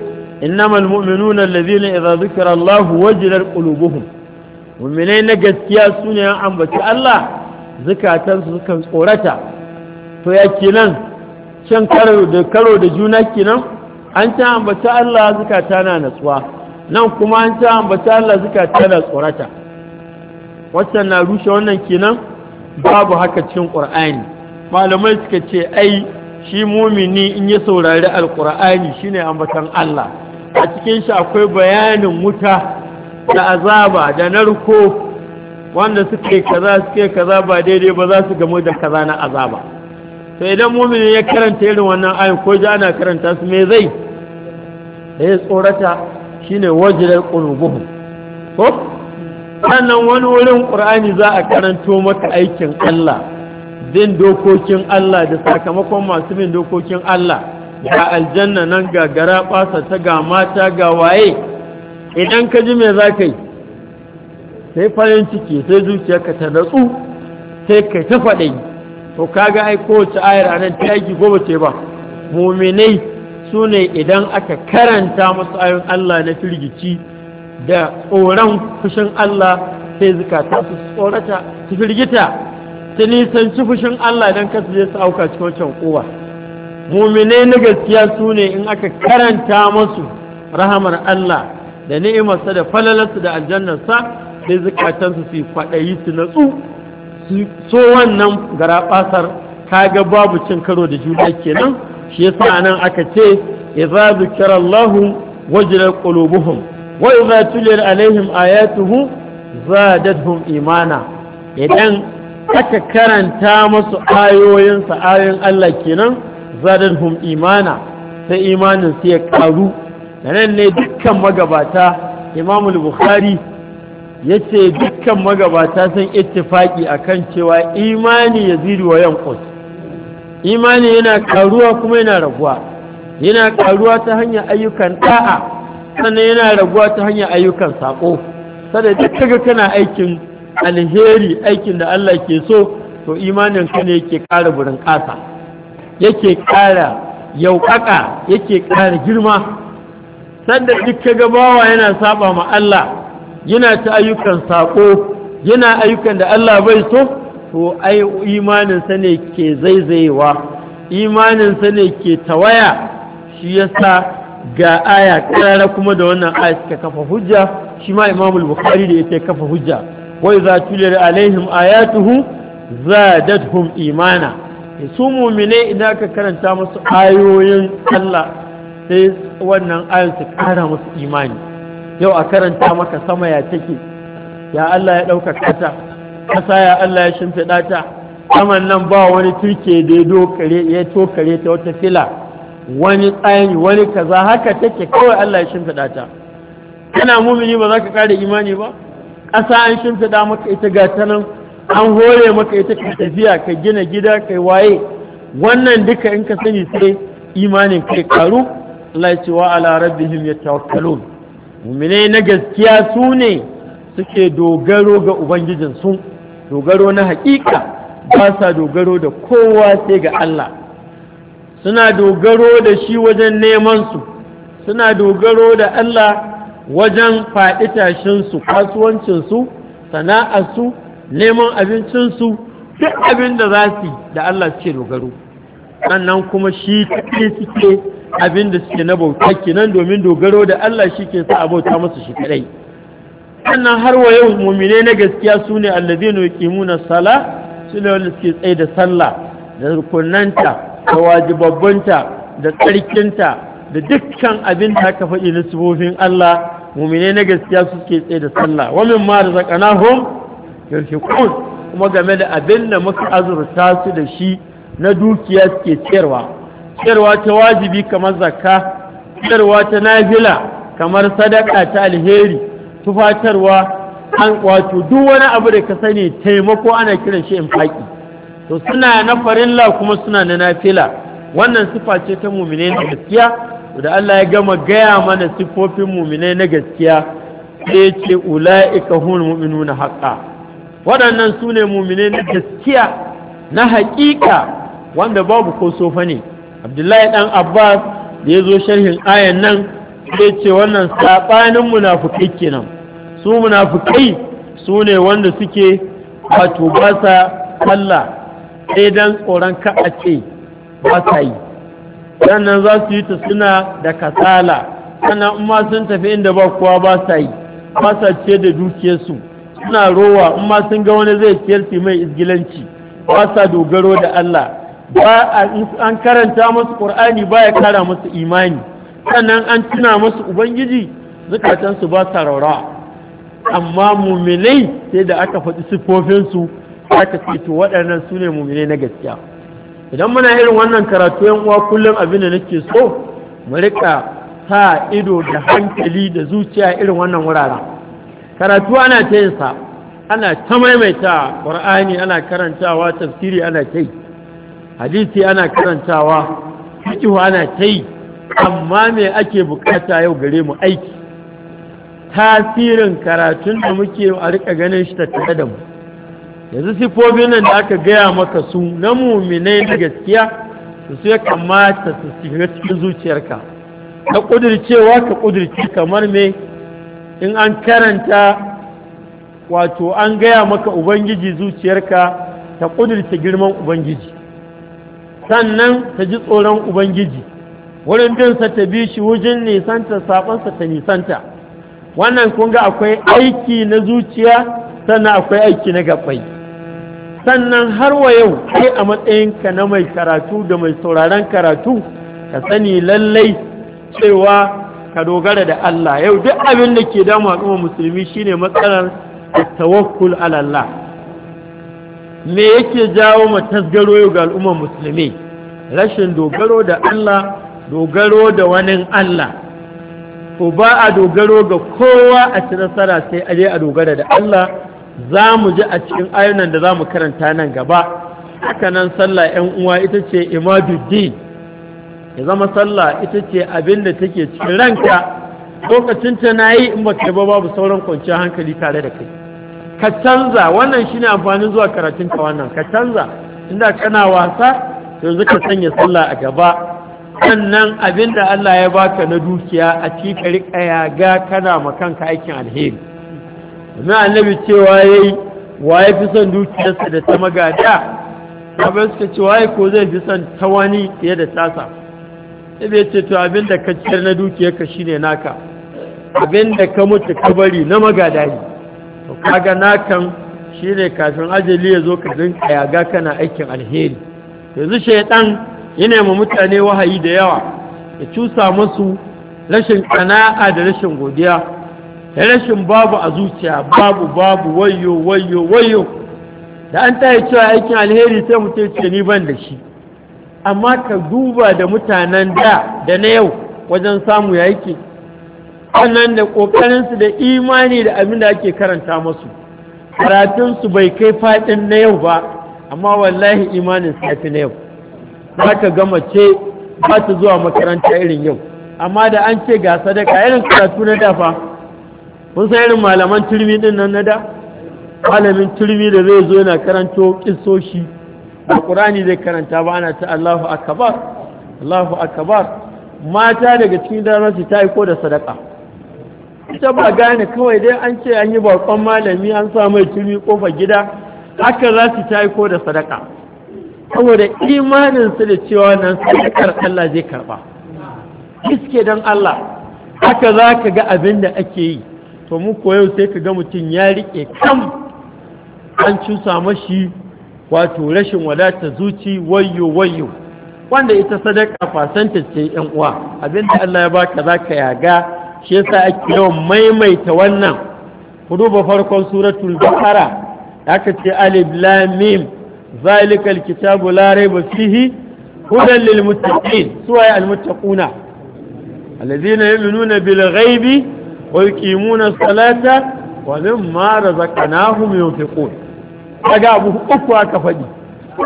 innamal mu'minuna allazina idza zukira Allah wajilat qulubuhum mu'minai na gaskiya sune an ambaci Allah zakatan su kan tsorata to ya kinan can karo da karo da juna kinan, an ta ambaci Allah zakata na nutsuwa. nan kuma an ta ambaci Allah zakata na tsorata wannan na rushe wannan kinan? babu haka cikin ƙur'ani malamai suka ce ai shi mumini in ya saurari alƙur'ani shine ambatan Allah a cikin shi akwai bayanin wuta da azaba da narko wanda suke kaza suke kaza ba daidai ba za su gamu da kaza na azaba to idan mumini ya karanta irin wannan ayin ko ji ana karanta su me zai da ya tsorata shine wajirar qulubuhum ko sannan wani wurin ƙur'ani za a karanto maka aikin Allah bin dokokin Allah da sakamakon masu bin dokokin Allah ga aljanna nan ga gara ɓasa ta ga mata ga waye idan ka ji me za ka yi sai farin ciki sai zuciya ka ta natsu sai ka ta faɗi to kaga ai kowace ayar a nan ta yi gobe ce ba muminai su ne idan aka karanta masu ayon Allah na firgici da tsoron fushin Allah sai zukata su tsorata su firgita su nisanci fushin Allah don kasu je su auka cikin wancan kowa mumine na gaskiya su ne in aka karanta masu rahamar Allah da ni'imarsa da falalarsa da aljannarsa sai zukatansu su kwaɗayi su natsu su so wannan garaɓasar kaga babu cin karo da juna kenan shi yasa nan aka ce idza zikra Allahu wajilat qulubuhum wa idza tuliyat alaihim ayatuhu zadatuhum imana idan aka karanta musu ayoyin sa ayoyin Allah kenan zadatuhum imana sai imanin su ya karu nan ne dukkan magabata Imam al-Bukhari yace dukkan magabata sun ittifaki akan cewa imani yazidu wa yanqus imani yana karuwa kuma yana raguwa yana karuwa ta hanyar ayyukan da'a sannan yana raguwa ta hanyar ayyukan sako sada duk kaga kana aikin alheri aikin da Allah ke so to imanin ka ne yake ƙara burin ƙasa yake ƙara yauƙaƙa yake ƙara girma sanda duk kaga bawa yana saba ma Allah yana ta ayyukan saƙo yana ayyukan da Allah bai so to ai imanin sa ne ke zaizayewa imanin sa ne ke tawaya shi yasa ga aya karara kuma da wannan aya suka kafa hujja shi ma imamul bukhari da yake kafa hujja wai za tuliyar alaihim ayatuhu zadatuhum imana e, su mumine idan ka karanta musu ayoyin Allah sai wannan ayoyin su kara musu imani yau a karanta maka sama ya take ya Allah ya dauka kata Kasa ya Allah ya shimfiɗa ta saman nan ba wani turke da ya dokare ya tokare ta wata fila wani tsayani wani kaza haka take kawai Allah ya shimfiɗa ta kana mumini ba za ka kare imani ba ƙasa an shimfiɗa maka ita ga ta an hore maka ita ka tafiya ka gina gida kai waye wannan duka in ka sani sai imanin kai karu Allah ya ce wa ala rabbihim yatawakkalun mumine na gaskiya su ne suke dogaro ga ubangijin su dogaro na haƙiƙa ba sa dogaro da kowa sai ga Allah suna dogaro da shi wajen su. suna dogaro da Allah wajen faɗi tashinsu kasuwancinsu sana'arsu neman abincinsu duk abin da za su da Allah ce dogaro sannan kuma shi kaɗai suke abin da suke na bauta kenan domin dogaro da Allah shi ke sa abauta masu shi kaɗai sannan har wa yau mumine na gaskiya su ne allazina yuqimuna sala su ne wanda suke tsaye da sallah da rukunanta da wajibabbanta da tsarkinta da dukkan abin da aka faɗi na sifofin Allah mumine na gaskiya suke tsaye da sallah wa min ma razaqnahum yunfiqun kuma game da abin da muka azurta su da shi na dukiya suke ciyarwa ciyarwa ta wajibi kamar zakka ciyarwa ta nafila kamar sadaka ta alheri tufatarwa an wato duk wani abu da ka sani taimako ana kiran shi infaki to suna na farilla kuma suna na nafila wannan sifa ce ta mumine na gaskiya da Allah ya gama gaya mana sifofin mumine na gaskiya sai ce ula'ika hun mu'minuna haƙa. waɗannan su ne mumine na gaskiya na haƙiƙa wanda babu ko sofa ne abdullahi dan abbas da ya zo sharhin ayan nan sai ce wannan saɓanin munafukai kenan su munafukai su ne wanda suke wato ba sa Allah sai dan tsoron ka a ce ba sa yi sannan za su yi ta suna da kasala sannan in ma sun tafi inda ba kowa ba sa yi ba sa ce da dukiyarsu suna rowa in ma sun ga wani zai ciyar su mai izgilanci ba sa dogaro da Allah ba an karanta musu Qur'ani ba ya kara musu imani sannan an tuna musu ubangiji zukatansu ba sa raurawa amma muminai sai da aka faɗi siffofinsu aka ce waɗannan su ne na gaskiya idan muna irin wannan karatu yan uwa kullum abin da nake so mu rika sa ido da hankali da zuciya irin wannan wuraren karatu ana ta yin sa ana ta maimaita qur'ani ana karantawa tafsiri ana ta yi hadisi ana karantawa fiqh ana ta yi amma me ake bukata yau gare mu aiki tasirin karatun da muke a rika ganin shi tattare da mu yanzu siffofin nan da aka gaya maka su na muminai na gaskiya su su ya kamata su shiga cikin zuciyarka na ƙudircewa ka ƙudirce kamar me in an karanta wato an gaya maka ubangiji zuciyarka ta ƙudirce girman ubangiji sannan ta ji tsoron ubangiji wurin binsa ta bi shi wujin nisanta sabansa ta nisanta wannan kunga akwai aiki na zuciya sannan akwai aiki na gabai sannan har wa yau kai a matsayinka na mai karatu da mai sauraron karatu ka sani lallai cewa ka dogara da Allah yau duk abin da ke damu al'umma musulmi shine matsalar tawakkul ala Allah me yake jawo mu tasgaro yau ga al'umma musulmi rashin dogaro da Allah dogaro da wani Allah ko ba a dogaro ga kowa a ci nasara sai a je a dogara da Allah za mu ji a cikin ayunan da za mu karanta nan gaba haka nan sallah ‘yan uwa ita ce imaduddin ya zama sallah ita ce abin da take cikin ranka lokacin ta na yi in ba yi ba babu sauran kwanciyar hankali tare da kai ka canza wannan shine amfanin zuwa karatun ka wannan ka canza inda kana wasa yanzu ka sanya sallah a gaba sannan abin da Allah ya baka na dukiya a cikin riƙaya, ga kana makanka aikin alheri domin annabi cewa ya wa ya fi son dukiyarsa da ta magada abin suka ce waye ko zai fi son tawani wani fiye da tasa ibe ce to abin da ka ciyar na dukiyarka shine naka abin da ka mutu ka bari na magada ne to kaga nakan shine kafin ajali ya zo ka dinka yaga kana aikin alheri yanzu shaidan yana ma mutane wahayi da yawa ya cusa masu rashin kana'a da rashin godiya rashin babu a zuciya babu babu wayo wayo wayo da an yi cewa aikin alheri sai mutum ce ni ban da shi amma ka duba da mutanen da da na yau wajen samu ya yake wannan da ƙoƙarinsu da imani da abin da ake karanta masu karatunsu bai kai faɗin na yau ba amma wallahi imanin safi na yau ba ka gama ce ba ta zuwa makaranta irin yau amma da an ce ga sadaka irin karatu na dafa kun san irin malaman turmi din nan na da malamin turmi da zai zo yana karanto kisoshi da ƙur'ani zai karanta ba ana ta Allahu akabar, Allahu akabar. mata daga cikin su ta aiko da sadaka ita ba gane kawai dai an ce an yi bakon malami an sa mai turmi kofa gida haka za su ta aiko da sadaka saboda imaninsu da cewa nan sadakar Allah zai karba iske don Allah haka za ka ga abin da ake yi to mu yau sai ka ga mutum ya riƙe kam an cusa mashi wato rashin wadata zuci wayo wayo wanda ita sadaka fasanta ce yan uwa abinda Allah ya baka zaka yaga shi yasa ake yawan maimaita wannan ku duba farkon suratul baqara aka ce alif lam mim zalikal kitabu la raiba fihi hudan lil muttaqin suwaye al muttaquna alladhina yu'minuna bil ghaibi wa yuqimuna salata wa mimma razaqnahum yunfiqun kaga abu uku aka faɗi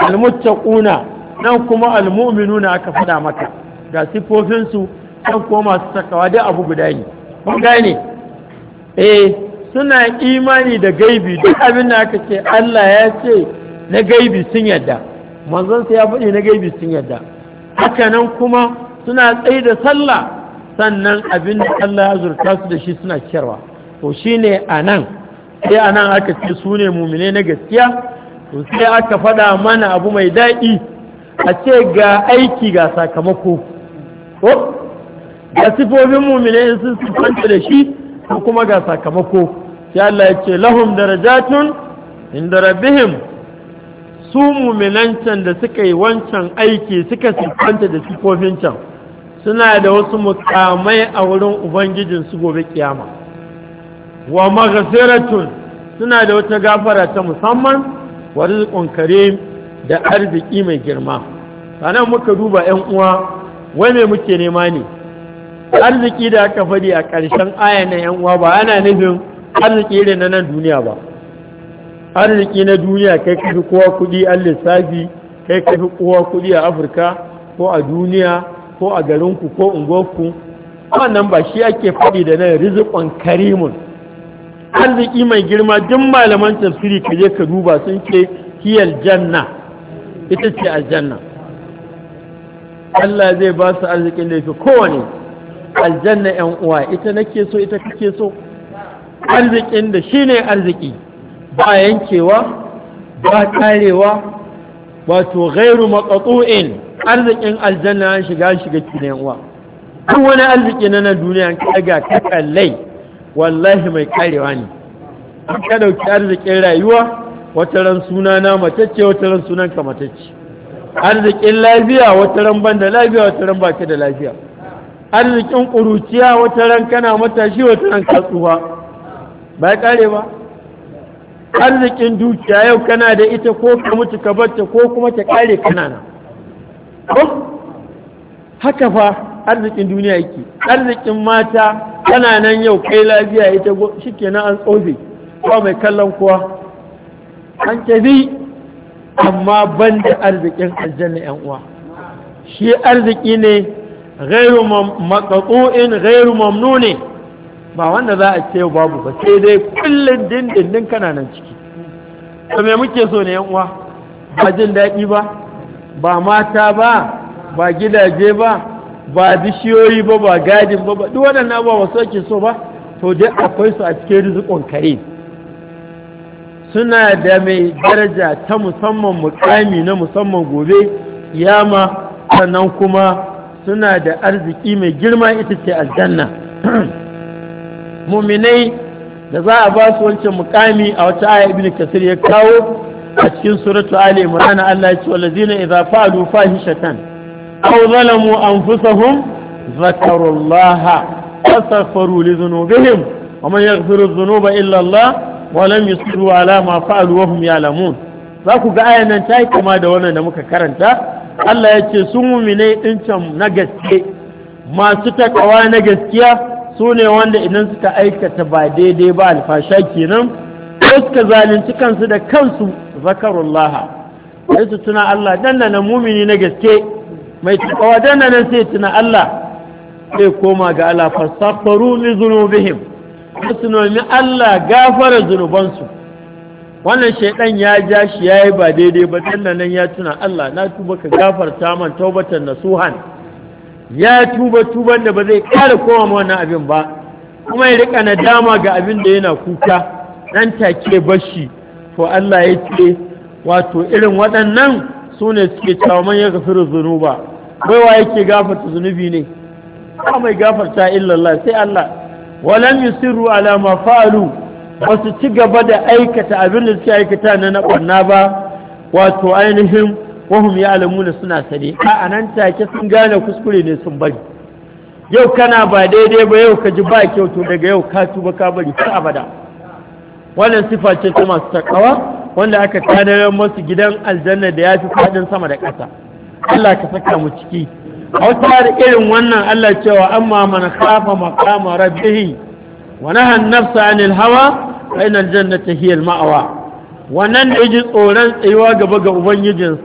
almuttaquna nan kuma almu'minuna aka faɗa maka su kuma masu takawa dai abu guda ne kun gane eh suna imani da gaibi duk abin da aka ce Allah ya ce na gaibi sun yadda manzon sa ya faɗi na gaibi sun yadda haka nan kuma suna tsaye da sallah sannan abin da Allah ya zurta su da shi suna kyarwa to shine anan sai anan aka ce su ne mumine na gaskiya to sai aka faɗa mana abu mai daɗi a ce ga aiki ga sakamako ko ga sifofin mumine sun sifanta da shi ko kuma ga sakamako sai Allah ya ce lahum darajatun inda rabbihim su mumilancan da suka yi wancan aiki suka sifanta da sifofin can suna da wasu mukamai a wurin Ubangijin su gobe kiyama wa maghfiratun suna da wata gafara ta musamman wa rizqun karim da arziki mai girma sanan muka duba 'yan uwa wai me muke nema ne arziki da aka faɗi a ƙarshen ayan na 'yan uwa ba ana nufin arziki irin na nan duniya ba arziki na duniya kai kafi kowa kuɗi an lissafi kai kafi kowa kuɗi a afirka ko a duniya ko a garinku ko unguwarku wannan ba shi ake faɗi da nan rizikon karimun arziki mai girma duk malaman tafsiri ka je ka duba sun ce hiyal janna ita ce aljanna Allah zai ba su arzikin da fi kowane aljanna yan uwa ita nake so ita kake so arzikin da shi ne arziki ba yankewa ba karewa wato gairu maqtu'in arzikin aljanna shiga shiga cikin uwa. duk wani arziki na nan duniya ka daga ka kallai wallahi mai karewa ne ka dauki arzikin rayuwa wata ran suna na matacce wata ran sunan ka matacce arzikin lafiya wata ran ban da lafiya wata ran baki da lafiya arzikin kuruciya wata ran kana matashi wata ran ka tsuwa ba kare ba arzikin dukiya yau kana da ita ko ka mutu ka ta ko kuma ta kare kanana haka fa arzikin duniya yake arzikin mata tana nan yau kai lafiya ita shikenan an tsofe kuma mai kallon kuwa an tafi amma ban da arzikin aljanna yan uwa shi arziki ne gairu matsatsu'in gairu mamnu ne ba wanda za a ce babu ba sai dai kullum dindindin kana nan ciki to me muke so ne yan uwa ba jin daɗi ba ba mata ba ba gidaje ba ba bishiyoyi ba ba gadin ba ba duk waɗannan ba, wasu ake so ba to dai akwai su a cikin rizikon kare suna da mai daraja ta musamman mukami na musamman gobe yama sannan kuma suna da arziki mai girma ita ce aljanna muminai da za a ba su wancan mukami a wata aya ibn kasir ya kawo a cikin suratu ali imran Allah ya ce wallazina idza fa'alu fahishatan aw zalamu anfusahum zakarullaha fastaghfiru li dhunubihim wa man yaghfiru dhunuba illa Allah wa lam yusiru ala ma fa'alu wa hum ya'lamun za ku ga ayan nan ta yi kama da wannan da muka karanta Allah ya ce sun mumine din can na gaske masu takawa na gaskiya su ne wanda idan suka aikata ba daidai ba alfasha kenan suka zalunci kansu da kansu zakarullah sai su tuna Allah danna mumini na gaske mai takawa danna nan sai tuna Allah sai koma ga Allah fastaghfiru li dhunubihim su nomi Allah gafara zunubansu wannan shaidan ya ja shi yayi ba daidai ba danna nan ya tuna Allah na tuba ka gafarta man taubatan nasuhan ya tuba tuban da ba zai kara koma wannan abin ba kuma ya rika nadama ga abin da yana kuka nan take bashi to Allah ya ce wato irin waɗannan su ne suke cewa man ya gafiru zunuba baiwa yake gafarta zunubi ne ba mai gafarta illallah sai Allah walam yusiru ala ma fa'alu ba su ci gaba da aikata abin da suke aikata na na ba wato ainihin wahum ya alamuna suna sane a nan take sun gane kuskure ne sun bari yau kana ba daidai ba yau ka ji ba kyau daga yau ka tuba ka bari har abada wannan sifa ce ta masu takawa wanda aka kadarar masu gidan aljanna da ya fi fadin sama da ƙasa Allah ka saka mu ciki a da irin wannan Allah cewa amma mana kafa maqama rabbihi wa naha an-nafsa 'anil hawa fa inna al-jannata hiya al-ma'wa wannan da yaji tsoron tsayuwa gaba ga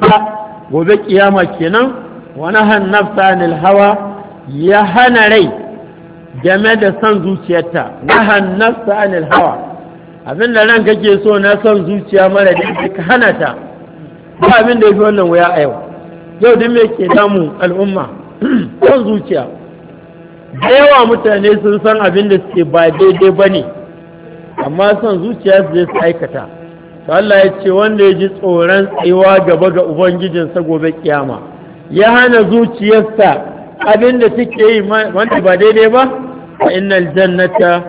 sa gobe kiyama kenan wa naha nafsa 'anil hawa ya hana rai game da san zuciyarta Na an-nafsa 'anil hawa abin da ran kake so na san zuciya mara da ka hana ta ba abin da ya wannan wuya a yau yau duk me ke damu al'umma son zuciya da yawa mutane sun san abin da suke ba daidai ba ne amma son zuciya su zai su aikata to Allah ya ce wanda ya ji tsoron tsayuwa gaba ga ubangijinsa gobe kiyama ya hana zuciyarsa abin da take yi wanda ba daidai ba fa innal jannata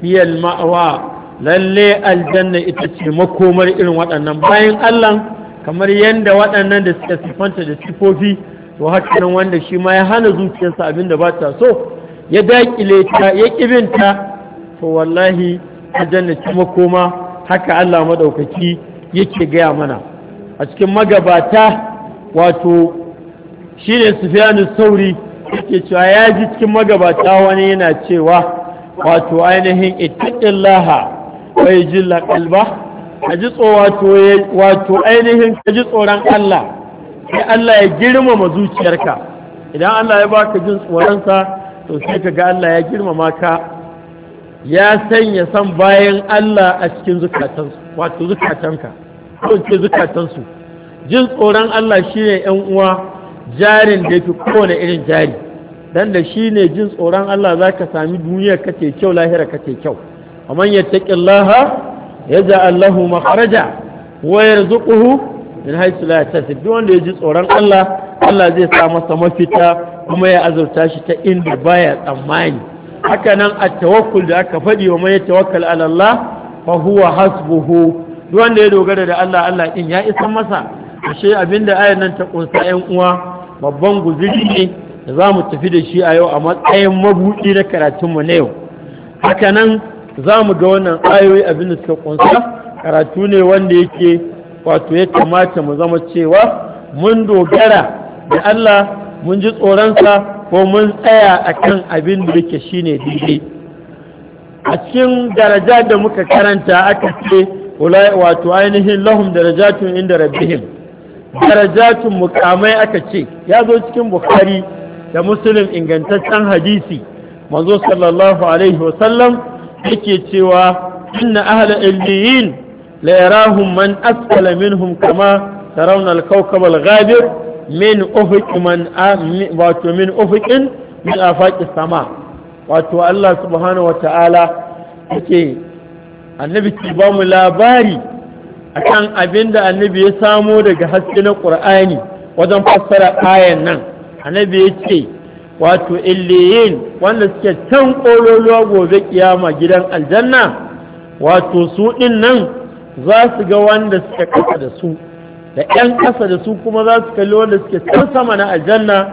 hiya al-ma'wa lalle aljanna ita ce makomar irin waɗannan bayan Allah kamar yadda waɗannan da suka sifanta da sifofi to hakanan wanda shi ma ya hana zuciyarsa abin da ba ta so ya daƙile ta ya ƙibinta to wallahi aljanna ce makoma haka Allah madaukaki yake gaya mana a cikin magabata wato shine Sufyanu Sauri yake cewa ya ji cikin magabata wani yana cewa wato ainihin ittaqillaha bai jilla kalba ka ji wato ainihin ka ji tsoron Allah sai Allah ya girmama zuciyarka idan Allah ya baka jin tsoronsa to sai ka ga Allah ya girmama ka ya sanya san bayan Allah a cikin zukatansu wato zukatanka ko ce zukatansu jin tsoron Allah shine yan uwa jarin da yake kowane irin jari dan da shine jin tsoron Allah zaka sami duniyar kake kyau lahira kake kyau ومن يتق الله يجعل له مخرجا ويرزقه من حيث لا يحتسب duk wanda ya ji tsoron Allah Allah zai sa masa mafita kuma ya azurta shi ta inda baya tsammani haka nan at-tawakkul da aka faɗi wa man tawakkal ala Allah fa huwa hasbuhu duk wanda ya dogara da Allah Allah din ya isa masa ashe abinda ayar nan ta kunsa ƴan uwa babban guzuri ne da za mu tafi da shi a yau a matsayin mabuɗi na karatunmu na yau haka nan za mu ga wannan ayoyi abin da suka kunsa karatu ne wanda yake wato ya kamata mu zama cewa mun dogara da Allah mun ji tsoronsa ko mun tsaya akan abin da yake ne daidai a cikin daraja da muka karanta aka ce wato ainihin lahum darajatun inda rabbihim darajatun mukamai aka ce ya zo cikin bukhari da muslim ingantaccen hadisi manzo sallallahu alaihi wasallam yake cewa inna ahla illiyin la yarahum man asfala minhum kama tarawna al-kawkab al ghadir min ufuq man wato min ufuqin min afaqis sama wato Allah subhanahu wata'ala yake annabi ki ba mu labari akan abinda annabi ya samo daga haske na Qur'ani wajen fassara ayan nan annabi yake wato illiyin wanda suke can ƙololuwa gobe kiyama gidan aljanna wato su ɗin nan za su ga wanda suke ƙasa da su da 'yan ƙasa da su kuma za su kalli wanda suke can sama na aljanna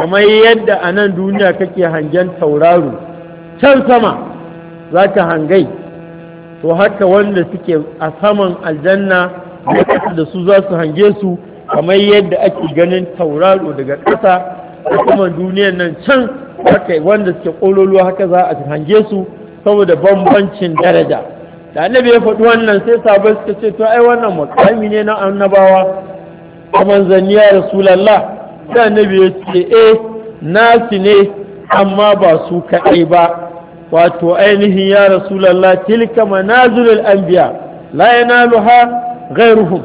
kamar yadda a nan duniya kake hangen tauraro can sama za ka hangai to haka wanda suke a saman aljanna da su za su hange su kamar yadda ake ganin tauraro daga ƙasa kuma duniyar nan can haka wanda suke kololo haka za a hange su saboda bambancin daraja da annabi ya faɗi wannan sai sabon suka ce to ai wannan mukami ne na annabawa a manzanni ya rasulallah sai annabi ya ce eh nasu ne amma ba su kaɗai ba wato ainihin ya rasulallah tilka manazilul anbiya la yanaluha ghairuhum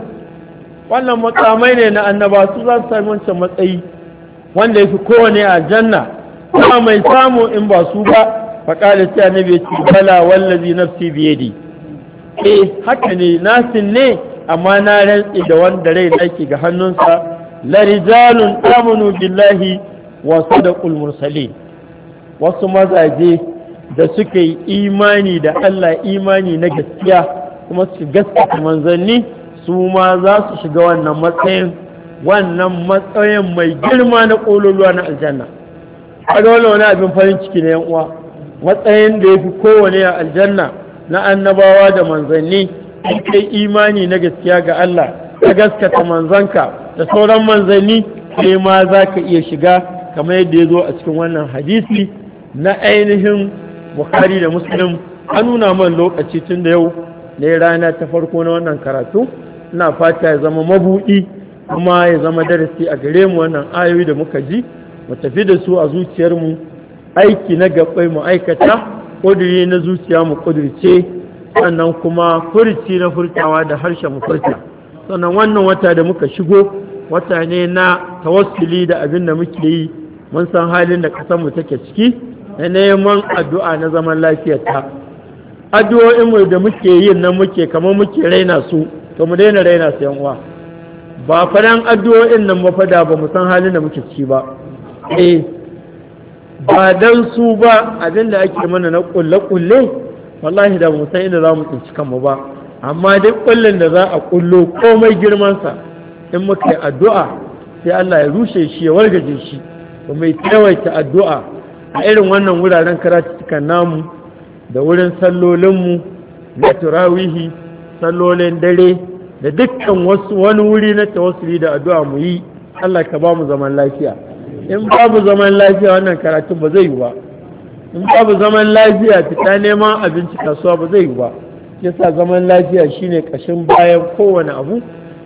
wannan makamai ne na annabawa, su za su sami wancan matsayi wanda yake kowane a janna kuma mai samu in ba su ba faƙalar ta annabi ya ce bala wallazi nafsi biyadi eh haka ne nasin ne amma na rantsi da wanda rai nake ga hannunsa la rijalun amanu billahi wa sadaqul mursalin wasu mazaje da suka yi imani da Allah imani na gaskiya kuma su gaskata manzanni su ma za su shiga wannan matsayin wannan matsayin mai girma na ƙololuwa na aljanna A dole wani abin farin ciki na yan uwa matsayin da ya fi kowane a aljanna na annabawa da manzanni a kai imani na gaskiya ga Allah ta gaskata manzanka da sauran manzanni sai ma za ka iya shiga kamar yadda ya zo a cikin wannan hadisi na ainihin bukari da musulun an nuna man lokaci tun da yau ne rana ta farko na wannan karatu na fata ya zama mabuɗi kuma ya zama darasi a gare mu wannan ayoyi da muka ji mu tafi da su a zuciyarmu aiki na gabai mu aikata kudiri na zuciya mu ƙudurce sannan kuma furci na furtawa da harshe mu furta sannan wannan wata da muka shigo wata ne na tawassuli da abin da muke yi mun san halin da mu take ciki na neman addu'a na zaman lafiyarta mu da muke yin nan muke kamar muke raina su to mu daina raina su yan uwa ba faran addu'o'in nan mafada ba mu san halin da muke ciki ba eh ba don su ba abinda ake mana na ƙulle kulle wallahi da mu san inda za mu tsinci kanmu ba amma duk kullun da za a ƙullo komai girmansa, in muka yi addu'a sai Allah ya rushe shi ya wargaje shi ba mai tsawaita addu'a a irin wannan wuraren karatukan namu da wurin sallolinmu na turawihi sallolin dare da dukkan wasu wani wuri na tawassuli da addu'a mu yi Allah ka ba mu zaman lafiya in babu zaman lafiya wannan karatun ba zai yi ba in babu zaman lafiya fita neman abinci kasuwa ba zai yi ba yasa zaman lafiya shine kashin bayan kowane abu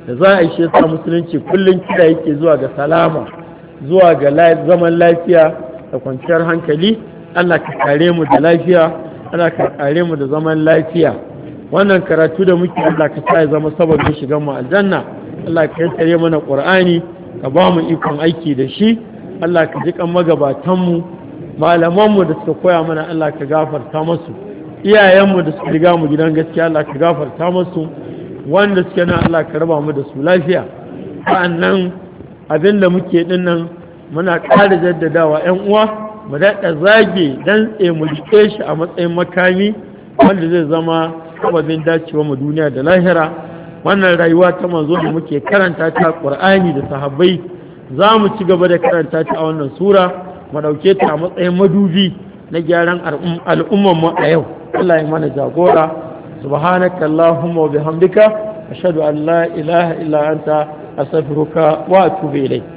da za a ishe sa musulunci kullum kira yake zuwa ga salama zuwa ga zaman lafiya da kwanciyar hankali Allah ka kare mu da lafiya Allah ka kare mu da zaman lafiya wannan karatu da muke Allah ka sa ya zama sababin shigan mu aljanna Allah ka tsare mana Qur'ani ka ba mu ikon aiki da shi Allah ka ji kan magabatan mu malaman mu da suka koya mana Allah ka gafarta musu iyayen mu da suka riga mu gidan gaskiya Allah ka gafarta musu wanda suke nan Allah ka raba mu da su lafiya sa'annan abinda muke dinnan muna ƙara jaddadawa 'yan uwa mu daɗa zage dan tsaye mu shi a matsayin makami wanda zai zama sababin dacewa mu duniya da lahira wannan rayuwa ta manzo da muke karanta ta Qur'ani da sahabbai za mu ci gaba da karanta ta a wannan sura mu dauke ta a matsayin madubi na gyaran al'umman mu a yau Allah ya mana jagora subhanaka allahumma wa bihamdika ashhadu an la ilaha illa anta astaghfiruka wa atubu ilayk